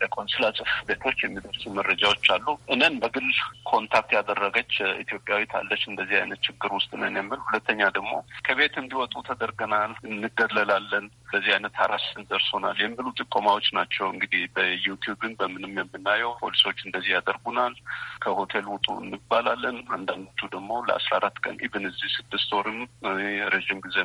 Speaker 8: ለቆንስላ ጽህፈት ቤቶች የሚደርሱ መረጃዎች አሉ። እነን በግል ኮንታክት ያደረገች ኢትዮጵያዊት አለች እንደዚህ አይነት ችግር ውስጥ ነን የምል። ሁለተኛ ደግሞ ከቤት እንዲወጡ ተደርገናል፣ እንገለላለን በዚህ አይነት ሀራስን ደርሶናል የሚሉ ጥቆማዎች ናቸው። እንግዲህ በዩቲዩብን በምንም የምናየው ፖሊሶች እንደዚህ ያደርጉናል፣ ከሆቴል ውጡ እንባላለን። አንዳንዶቹ ደግሞ ለአስራ አራት ቀን ኢብን እዚህ ስድስት ወርም ረዥም ጊዜ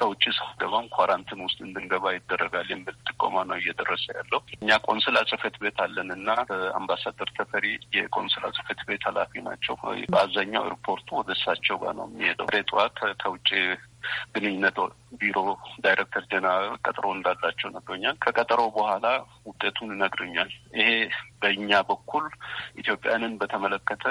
Speaker 8: ከውጭ ሳገባም ኳራንትን ውስጥ እንድንገባ ይደረጋል የሚል ጥቆማ ነው እየደረሰ ያለው። እኛ ቆንስላ ጽህፈት ቤት አለን እና አምባሳደር ተፈሪ የቆንስላ ጽህፈት ቤት ኃላፊ ናቸው። በአብዛኛው ሪፖርቱ ወደ እሳቸው ጋር ነው የሚሄደው። ጠዋት ከውጭ ግንኙነት ቢሮ ዳይሬክተር ጀነራል ቀጠሮ እንዳላቸው ነግሮኛል። ከቀጠሮ በኋላ ውጤቱን ይነግርኛል። ይሄ በእኛ በኩል ኢትዮጵያንን በተመለከተ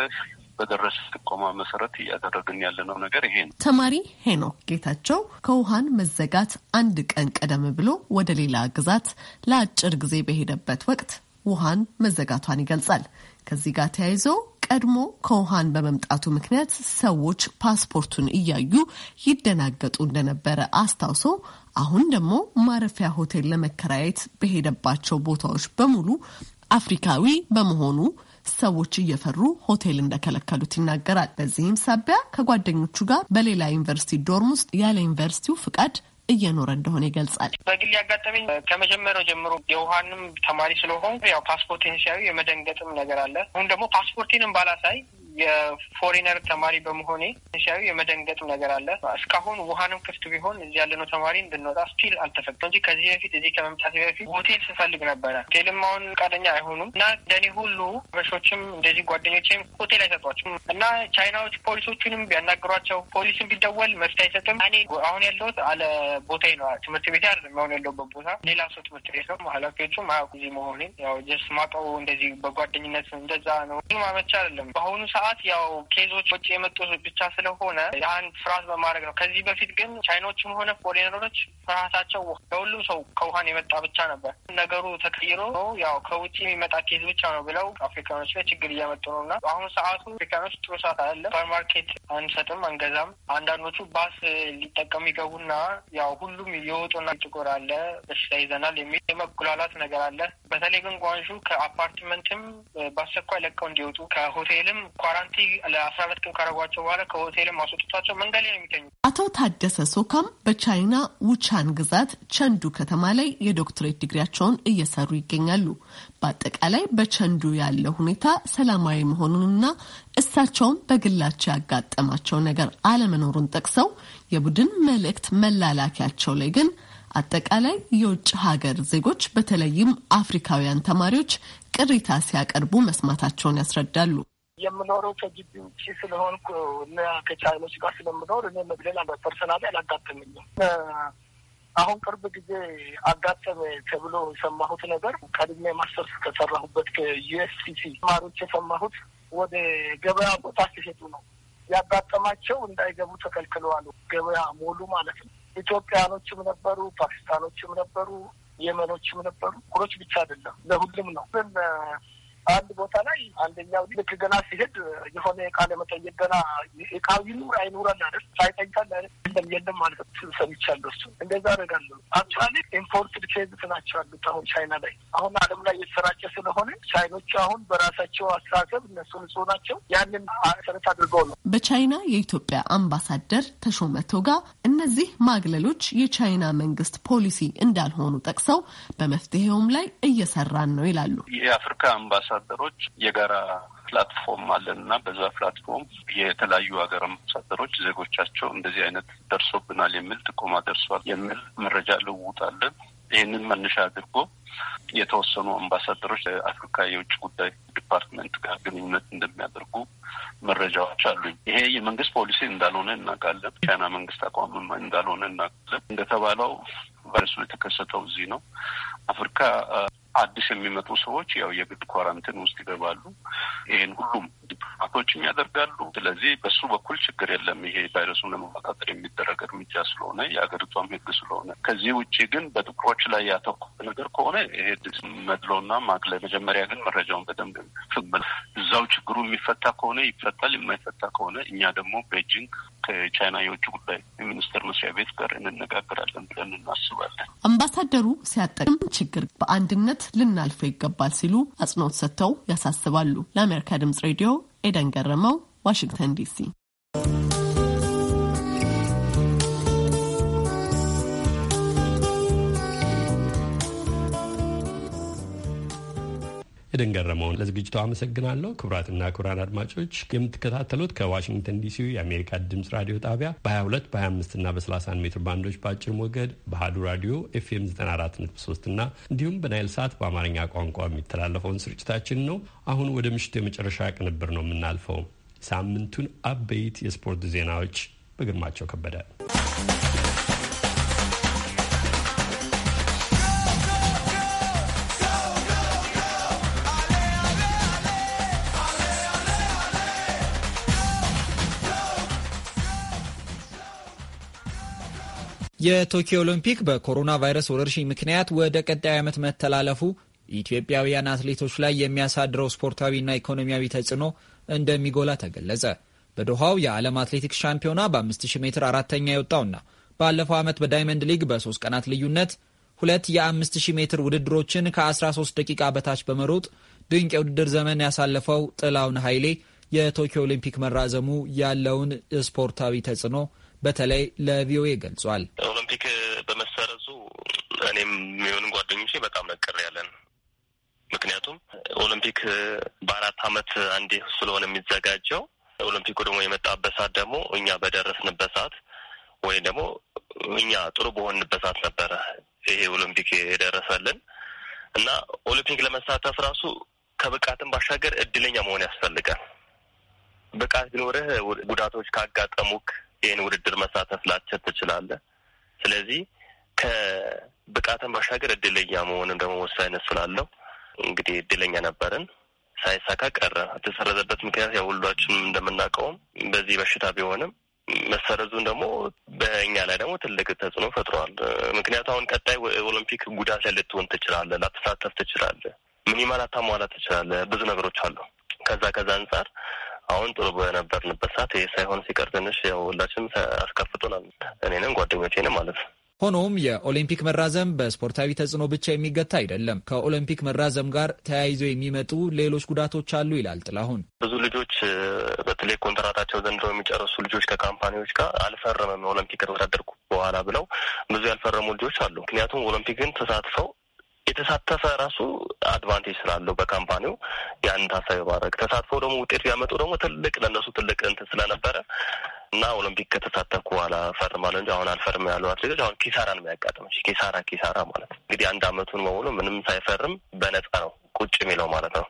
Speaker 8: በደረሰ ጥቆማ መሰረት እያደረግን ያለነው ነገር ይሄ ነው።
Speaker 16: ተማሪ ሄኖክ ጌታቸው ከውሃን መዘጋት አንድ ቀን ቀደም ብሎ ወደ ሌላ ግዛት ለአጭር ጊዜ በሄደበት ወቅት ውሃን መዘጋቷን ይገልጻል። ከዚህ ጋር ተያይዞ ቀድሞ ከውሃን በመምጣቱ ምክንያት ሰዎች ፓስፖርቱን እያዩ ይደናገጡ እንደነበረ አስታውሶ አሁን ደግሞ ማረፊያ ሆቴል ለመከራየት በሄደባቸው ቦታዎች በሙሉ አፍሪካዊ በመሆኑ ሰዎች እየፈሩ ሆቴል እንደከለከሉት ይናገራል። በዚህም ሳቢያ ከጓደኞቹ ጋር በሌላ ዩኒቨርሲቲ ዶርም ውስጥ ያለ ዩኒቨርሲቲው ፍቃድ እየኖረ እንደሆነ ይገልጻል።
Speaker 17: በግል ያጋጠመኝ ከመጀመሪያው ጀምሮ የውሃንም ተማሪ ስለሆን ያው ፓስፖርቴን ሲያዩ የመደንገጥም ነገር አለ። አሁን ደግሞ ፓስፖርቴንም ባላሳይ የፎሪነር ተማሪ በመሆኔ ሲያዩ የመደንገጥ ነገር አለ። እስካሁን ውሃንም ክፍት ቢሆን እዚህ ያለነው ተማሪ እንድንወጣ ስቲል አልተፈቅ እንጂ ከዚህ በፊት እዚህ ከመምጣት በፊት ሆቴል ስፈልግ ነበረ። ሆቴልም አሁን ፈቃደኛ አይሆኑም እና እንደኔ ሁሉ በሾችም እንደዚህ ጓደኞችም ሆቴል አይሰጧቸውም እና ቻይናዎች ፖሊሶቹንም ቢያናግሯቸው ፖሊስም ቢደወል መፍት አይሰጥም። እኔ አሁን ያለሁት አለ ቦታ ነ ትምህርት ቤት አይደለም አሁን ያለሁበት ቦታ ሌላ ሰው ትምህርት ቤት ነው። ኃላፊዎቹም አያውቁ እዚህ መሆኔን ያው ጀስት ማውቀው እንደዚህ በጓደኝነት እንደዛ ነው። ማመቻ አይደለም በአሁኑ ሰዓት ሰዓት ያው ኬዞች ውጭ የመጡ ብቻ ስለሆነ አንድ ፍርሃት በማድረግ ነው። ከዚህ በፊት ግን ቻይኖችም ሆነ ፎሬነሮች ፍርሃታቸው ለሁሉም ሰው ከውሀን የመጣ ብቻ ነበር። ነገሩ ተቀይሮ ያው ከውጭ የሚመጣ ኬዝ ብቻ ነው ብለው አፍሪካኖች ላይ ችግር እያመጡ ነው እና አሁን ሰዓቱ አፍሪካኖች ጥሩ ሰዓት አለ። ማርኬት አንሰጥም፣ አንገዛም። አንዳንዶቹ ባስ ሊጠቀሙ ይገቡና ያው ሁሉም የወጡና ጥቁር አለ በሽታ ይዘናል የሚል የመጉላላት ነገር አለ። በተለይ ግን ጓንሹ ከአፓርትመንትም
Speaker 18: በአስቸኳይ ለቀው እንዲወጡ ከሆቴልም ኳራ ጋራንቲ ለአስራ ሁለት ቀን ካረጓቸው በኋላ ከሆቴልም
Speaker 16: አስወጥቷቸው መንገድ ላይ ነው የሚገኙት። አቶ ታደሰ ሶካም በቻይና ውቻን ግዛት ቸንዱ ከተማ ላይ የዶክትሬት ዲግሪያቸውን እየሰሩ ይገኛሉ። በአጠቃላይ በቸንዱ ያለው ሁኔታ ሰላማዊ መሆኑንና እሳቸውም በግላቸው ያጋጠማቸው ነገር አለመኖሩን ጠቅሰው የቡድን መልእክት መላላኪያቸው ላይ ግን አጠቃላይ የውጭ ሀገር ዜጎች በተለይም አፍሪካውያን ተማሪዎች ቅሬታ ሲያቀርቡ መስማታቸውን ያስረዳሉ።
Speaker 13: የምኖረው ከግቢ ውጭ ስለሆንኩ እና ከቻይኖች ጋር ስለምኖር እኔ መግደል አለ ፐርሰናል አላጋጠመኝም። አሁን ቅርብ ጊዜ አጋጠመ ተብሎ የሰማሁት ነገር ቀድሜ ማስተርስ ከሰራሁበት ከዩኤስሲሲ ተማሪዎች የሰማሁት ወደ ገበያ ቦታ ሲሄዱ ነው ያጋጠማቸው። እንዳይገቡ ተከልክለዋል። ገበያ ሞሉ ማለት ነው። ኢትዮጵያኖችም ነበሩ፣ ፓኪስታኖችም ነበሩ፣ የመኖችም ነበሩ። ኩሮች ብቻ አይደለም፣ ለሁሉም ነው ግን አንድ ቦታ ላይ አንደኛው ልክ ገና ሲሄድ የሆነ እቃ ለመጠየቅ ገና እቃ ይኑር አይኑረን አይደል ሳይጠይቃል የለም የለም ማለት ሰምቻለሁ። እሱ እንደዛ አደርጋለሁ። አክቹዋሊ ኢምፖርትድ ኬዝስ ናቸው አሉት። አሁን ቻይና ላይ አሁን ዓለም ላይ የተሰራጨ ስለሆነ ቻይኖቹ አሁን በራሳቸው አስተሳሰብ እነሱ ንጹህ ናቸው ያንን
Speaker 16: መሰረት አድርገው ነው። በቻይና የኢትዮጵያ አምባሳደር ተሾመ ቶጋ እነዚህ ማግለሎች የቻይና መንግስት ፖሊሲ እንዳልሆኑ ጠቅሰው በመፍትሄውም ላይ እየሰራን ነው ይላሉ።
Speaker 8: አፍሪካ አምባሳ አምባሳደሮች የጋራ ፕላትፎርም አለን እና በዛ ፕላትፎርም የተለያዩ ሀገር አምባሳደሮች ዜጎቻቸው እንደዚህ አይነት ደርሶብናል የሚል ጥቆማ ደርሷል የሚል መረጃ ልውውጣለን። ይህንን መነሻ አድርጎ የተወሰኑ አምባሳደሮች አፍሪካ የውጭ ጉዳይ ዲፓርትመንት ጋር ግንኙነት እንደሚያደርጉ መረጃዎች አሉኝ። ይሄ የመንግስት ፖሊሲ እንዳልሆነ እናውቃለን። ቻይና መንግስት አቋም እንዳልሆነ እናውቃለን። እንደተባለው ቫይረሱ የተከሰተው እዚህ ነው። አፍሪካ አዲስ የሚመጡ ሰዎች ያው የግድ ኳራንቲን ውስጥ ይገባሉ። ይህን ሁሉም ዲፕሎማቶችም ያደርጋሉ። ስለዚህ በሱ በኩል ችግር የለም። ይሄ ቫይረሱን ለመቆጣጠር የሚደረግ እርምጃ ስለሆነ የሀገሪቷም ሕግ ስለሆነ ከዚህ ውጭ ግን በጥቁሮች ላይ ያተኮረ ነገር ከሆነ ይሄ መድሎና ማግለል መጀመሪያ ግን መረጃውን በደንብ እዛው ችግሩ የሚፈታ ከሆነ ይፈታል። የማይፈታ ከሆነ እኛ ደግሞ ቤጂንግ ከቻይና የውጭ ጉዳይ ሚኒስቴር መስሪያ ቤት ጋር እንነጋገራለን ብለን እናስባለን።
Speaker 16: አምባሳደሩ ሲያጠቅም ችግር በአንድነት ልናልፈው ይገባል ሲሉ አጽንኦት ሰጥተው ያሳስባሉ። ለአሜሪካ ድምጽ ሬዲዮ ኤደን ገረመው፣ ዋሽንግተን ዲሲ
Speaker 1: ኤደን ገረመውን ለዝግጅቱ አመሰግናለሁ። ክቡራትና ክቡራን አድማጮች የምትከታተሉት ከዋሽንግተን ዲሲ የአሜሪካ ድምጽ ራዲዮ ጣቢያ በ22 በ25 ና በ31 ሜትር ባንዶች በአጭር ሞገድ በአሀዱ ራዲዮ ኤፍኤም 94.3 እና እንዲሁም በናይል ሰዓት በአማርኛ ቋንቋ የሚተላለፈውን ስርጭታችን ነው። አሁን ወደ ምሽቱ የመጨረሻ ቅንብር ነው የምናልፈው። ሳምንቱን አበይት የስፖርት ዜናዎች በግርማቸው ከበደ
Speaker 19: የቶኪዮ ኦሎምፒክ በኮሮና ቫይረስ ወረርሽኝ ምክንያት ወደ ቀጣይ ዓመት መተላለፉ ኢትዮጵያውያን አትሌቶች ላይ የሚያሳድረው ስፖርታዊና ኢኮኖሚያዊ ተጽዕኖ እንደሚጎላ ተገለጸ። በዶሃው የዓለም አትሌቲክስ ሻምፒዮና በ5000 ሜትር አራተኛ የወጣውና ባለፈው ዓመት በዳይመንድ ሊግ በሶስት ቀናት ልዩነት ሁለት የ5000 ሜትር ውድድሮችን ከ13 ደቂቃ በታች በመሮጥ ድንቅ የውድድር ዘመን ያሳለፈው ጥላውን ኃይሌ የቶኪዮ ኦሊምፒክ መራዘሙ ያለውን ስፖርታዊ ተጽዕኖ በተለይ ለቪኦኤ ገልጿል።
Speaker 20: ኦሎምፒክ በመሰረዙ እኔም የሚሆንም ጓደኞቼ በጣም ነቅር ያለን ምክንያቱም ኦሎምፒክ በአራት አመት አንዴ ስለሆነ የሚዘጋጀው ኦሎምፒኩ ደግሞ የመጣበት ሰዓት ደግሞ እኛ በደረስንበት ሰዓት ወይም ደግሞ እኛ ጥሩ በሆንበት ሰዓት ነበረ ይሄ ኦሎምፒክ የደረሰልን እና ኦሎምፒክ ለመሳተፍ ራሱ ከብቃትን ባሻገር እድለኛ መሆን ያስፈልጋል። ብቃት ቢኖርህ ጉዳቶች ካጋጠሙክ ይህን ውድድር መሳተፍ ላቸት ትችላለህ። ስለዚህ ከብቃትን ባሻገር እድለኛ መሆንም ደግሞ ወሳኝነት ስላለው እንግዲህ እድለኛ ነበርን። ሳይሳካ ቀረ። የተሰረዘበት ምክንያት ያው ሁላችንም እንደምናውቀውም በዚህ በሽታ ቢሆንም መሰረዙን ደግሞ በእኛ ላይ ደግሞ ትልቅ ተጽዕኖ ፈጥሯል። ምክንያቱ አሁን ቀጣይ ኦሎምፒክ ጉዳት ላይ ልትሆን ትችላለህ፣ ላትሳተፍ ትችላለህ፣ ሚኒማ ላታሟላ ትችላለህ። ብዙ ነገሮች አሉ። ከዛ ከዛ አንጻር አሁን ጥሩ በነበርንበት ሰዓት ይህ ሳይሆን ሲቀር ትንሽ ሁላችን አስከፍቶናል፣ እኔንም ጓደኞቼንም ማለት ነው።
Speaker 19: ሆኖም የኦሊምፒክ መራዘም በስፖርታዊ ተጽዕኖ ብቻ የሚገታ አይደለም። ከኦሊምፒክ መራዘም ጋር ተያይዘው የሚመጡ ሌሎች ጉዳቶች አሉ ይላል ጥላሁን።
Speaker 20: ብዙ ልጆች በተለይ ኮንትራታቸው ዘንድሮ የሚጨርሱ ልጆች ከካምፓኒዎች ጋር አልፈረምም ኦሊምፒክ ከተወዳደርኩ በኋላ ብለው ብዙ ያልፈረሙ ልጆች አሉ። ምክንያቱም ኦሊምፒክን ተሳትፈው የተሳተፈ ራሱ አድቫንቴጅ ስላለው በካምፓኒው ያንን ታሳቢ ማድረግ ተሳትፎ ደግሞ ውጤት ቢያመጡ ደግሞ ትልቅ ለእነሱ ትልቅ እንትን ስለነበረ እና ኦሎምፒክ ከተሳተፍኩ በኋላ ፈርማለሁ እንጂ አሁን አልፈርም ያሉ አትሌቶች አሁን ኪሳራን የሚያጋጥመች ኪሳራ ኪሳራ ማለት እንግዲህ አንድ አመቱን መሆኑ ምንም ሳይፈርም በነጻ ነው ቁጭ የሚለው ማለት ነው።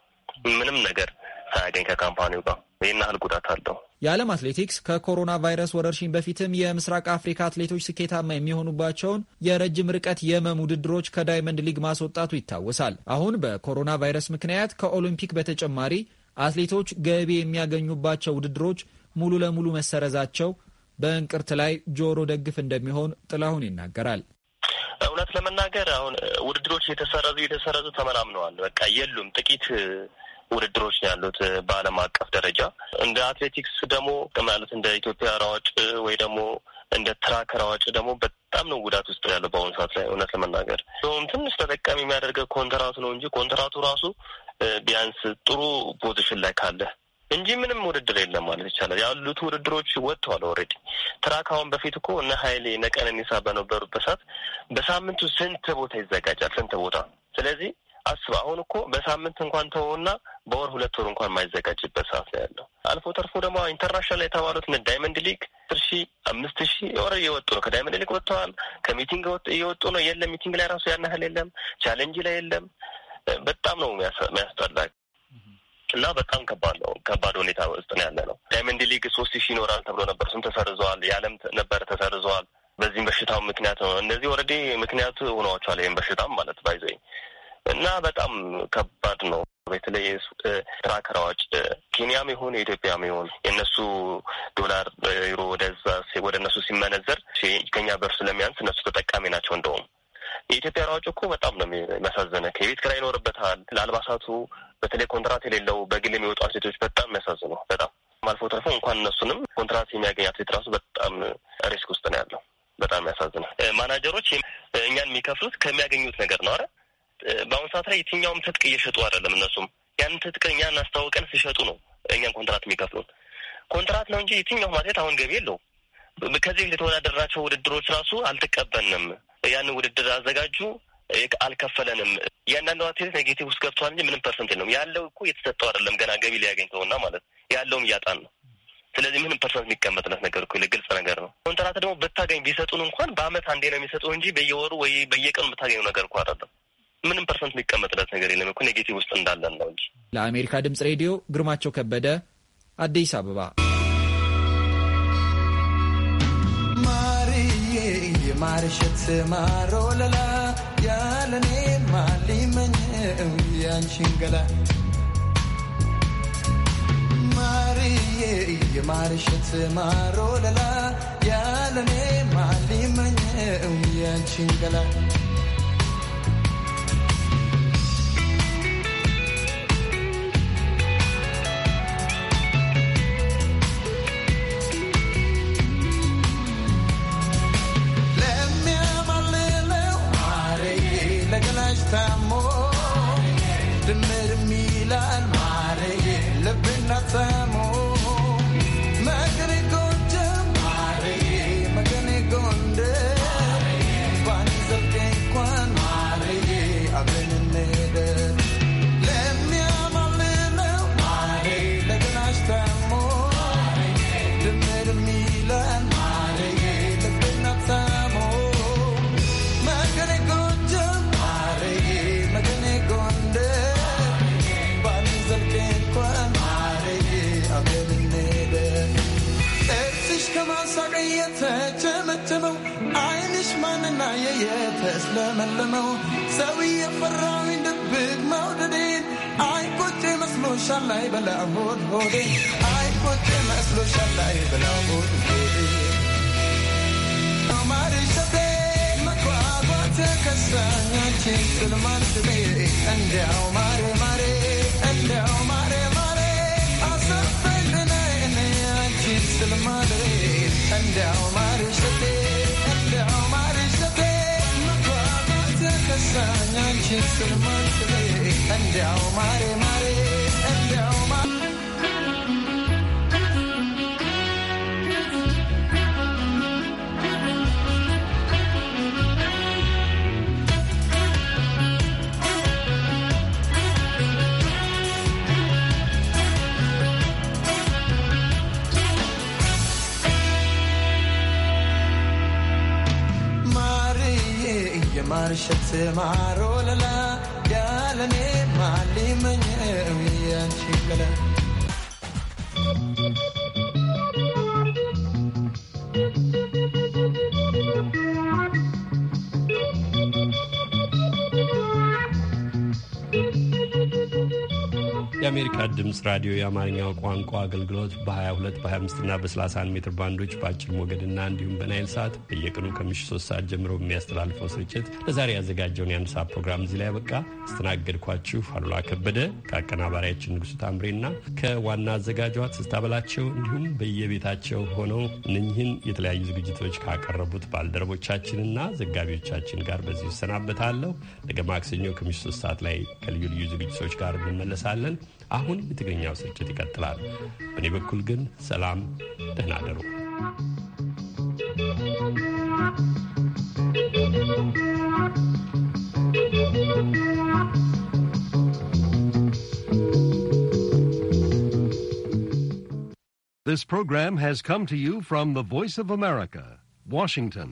Speaker 20: ምንም ነገር ሳያገኝ ከካምፓኒው ጋር ይህን ያህል ጉዳት አለው።
Speaker 19: የዓለም አትሌቲክስ ከኮሮና ቫይረስ ወረርሽኝ በፊትም የምስራቅ አፍሪካ አትሌቶች ስኬታማ የሚሆኑባቸውን የረጅም ርቀት የመም ውድድሮች ከዳይመንድ ሊግ ማስወጣቱ ይታወሳል። አሁን በኮሮና ቫይረስ ምክንያት ከኦሊምፒክ በተጨማሪ አትሌቶች ገቢ የሚያገኙባቸው ውድድሮች ሙሉ ለሙሉ መሰረዛቸው በእንቅርት ላይ ጆሮ ደግፍ እንደሚሆን ጥላሁን ይናገራል።
Speaker 20: እውነት ለመናገር አሁን ውድድሮች የተሰረዙ የተሰረዙ ተመናምነዋል። በቃ የሉም ጥቂት ውድድሮች ነው ያሉት በዓለም አቀፍ ደረጃ። እንደ አትሌቲክስ ደግሞ ማለት እንደ ኢትዮጵያ ራዋጭ ወይ ደግሞ እንደ ትራክ ራዋጭ ደግሞ በጣም ነው ጉዳት ውስጥ ያለው በአሁኑ ሰዓት ላይ እውነት ለመናገር ም ትንሽ ተጠቃሚ የሚያደርገው ኮንትራቱ ነው እንጂ ኮንትራቱ ራሱ ቢያንስ ጥሩ ፖዚሽን ላይ ካለ እንጂ ምንም ውድድር የለም ማለት ይቻላል። ያሉት ውድድሮች ወጥተዋል ኦልሬዲ። ትራክ አሁን በፊት እኮ እነ ሀይሌ እነ ቀነኒሳ በነበሩበት ሰዓት በሳምንቱ ስንት ቦታ ይዘጋጃል? ስንት ቦታ። ስለዚህ አስብ አሁን እኮ በሳምንት እንኳን ተወውና በወር ሁለት ወር እንኳን የማይዘጋጅበት ሰዓት ነው ያለው። አልፎ ተርፎ ደግሞ ኢንተርናሽናል የተባሉት ዳይመንድ ሊግ አስር ሺ አምስት ሺ ወር እየወጡ ነው። ከዳይመንድ ሊግ ወጥተዋል። ከሚቲንግ እየወጡ ነው። የለም ሚቲንግ ላይ ራሱ ያናህል የለም፣ ቻሌንጅ ላይ የለም። በጣም ነው የሚያስጠላ እና በጣም ከባድ ነው። ከባድ ሁኔታ ውስጥ ነው ያለ ነው። ዳይመንድ ሊግ ሶስት ሺ ይኖራል ተብሎ ነበር፣ እሱም ተሰርዘዋል። የአለም ነበር ተሰርዘዋል። በዚህም በሽታው ምክንያት ነው። እነዚህ ወረዴ ምክንያት ሆነዋቸዋል። ይህም በሽታም ማለት ባይዘኝ እና በጣም ከባድ ነው። በተለይ ትራከራዎች ኬንያም ይሁን ኢትዮጵያም ይሁን የእነሱ ዶላር ዩሮ ወደዛ ወደ እነሱ ሲመነዘር ከኛ በር ስለሚያንስ እነሱ ተጠቃሚ ናቸው። እንደውም የኢትዮጵያ ራዋጭ እኮ በጣም ነው የሚያሳዝነ። ከቤት ኪራይ ይኖርበታል፣ ለአልባሳቱ በተለይ ኮንትራት የሌለው በግል የሚወጡ አትሌቶች በጣም የሚያሳዝኑ በጣም አልፎ ተርፎ እንኳን እነሱንም ኮንትራት የሚያገኝ አትሌት ራሱ በጣም ሪስክ ውስጥ ነው ያለው። በጣም ያሳዝናል። ማናጀሮች እኛን የሚከፍሉት ከሚያገኙት ነገር ነው አይደል? በአሁኑ ሰዓት ላይ የትኛውም ትጥቅ እየሸጡ አይደለም። እነሱም ያንን ትጥቅ እኛ አስተዋውቀን ሲሸጡ ነው እኛን ኮንትራት የሚከፍሉን። ኮንትራት ነው እንጂ የትኛው ማቴት አሁን ገቢ የለው ከዚህ የተወዳደርናቸው ውድድሮች ራሱ አልተቀበልንም። ያንን ውድድር አዘጋጁ አልከፈለንም። እያንዳንዱ አትሌት ኔጌቲቭ ውስጥ ገብቷል እንጂ ምንም ፐርሰንት የለውም። ያለው እኮ የተሰጠው አይደለም ገና ገቢ ሊያገኝ ከሆና ማለት ያለውም እያጣን ነው። ስለዚህ ምንም ፐርሰንት የሚቀመጥለት ነገር እኮ ግልጽ ነገር ነው። ኮንትራት ደግሞ ብታገኝ ቢሰጡን እንኳን በአመት አንዴ ነው የሚሰጡ እንጂ በየወሩ ወይ በየቀኑ ብታገኙ ነገር እኮ አይደለም። ምንም ፐርሰንት የሚቀመጥለት ነገር የለም እኮ
Speaker 19: ኔጌቲቭ ውስጥ እንዳለን ነው እንጂ። ለአሜሪካ ድምጽ ሬዲዮ ግርማቸው ከበደ አዲስ አበባ።
Speaker 18: ማርሸት ማሮለላ ያለኔ ማሊመኝ ያንቺን ማርዬ የማርሸት ማሮለላ ያለኔ ማሊመኝ ያንቺን ለመለመው ሰው የፈራዊ ድብቅ መውደዴን አይቆጭ መስሎሻል ላይ በላ ሆድ ሆዴ አይቆጭ መስሎሻል ላይ በላ ሆድ ሆዴ ተከሳኛችን ስልማስቤ እንዲያው ማሬ ማሬ እንዲያው ማሬ ማሬ አሰፈልነ እኔ አንቺን sangan che sul mantle e Shall
Speaker 1: የአሜሪካ ድምፅ ራዲዮ የአማርኛው ቋንቋ አገልግሎት በ22 በ25 እና በ31 ሜትር ባንዶች በአጭር ሞገድና እንዲሁም በናይል ሰዓት በየቀኑ ከምሽቱ 3 ሰዓት ጀምሮ የሚያስተላልፈው ስርጭት ለዛሬ ያዘጋጀውን የአንድ ሰዓት ፕሮግራም እዚህ ላይ ያበቃ። አስተናገድኳችሁ አሉላ ከበደ ከአቀናባሪያችን ንጉሱ ታምሬና ከዋና አዘጋጇ ትዝታ በላቸው እንዲሁም በየቤታቸው ሆነው እነኝህን የተለያዩ ዝግጅቶች ካቀረቡት ባልደረቦቻችንና ዘጋቢዎቻችን ጋር በዚህ ይሰናበታለሁ። ነገ ማክሰኞ ከምሽቱ 3 ሰዓት ላይ ከልዩ ልዩ ዝግጅቶች ጋር እንመለሳለን። አሁን የትግርኛው ስርጭት ይቀጥላል። በእኔ በኩል ግን ሰላም፣ ደህና አደሩ።
Speaker 8: This program has come to you from the Voice of America, Washington.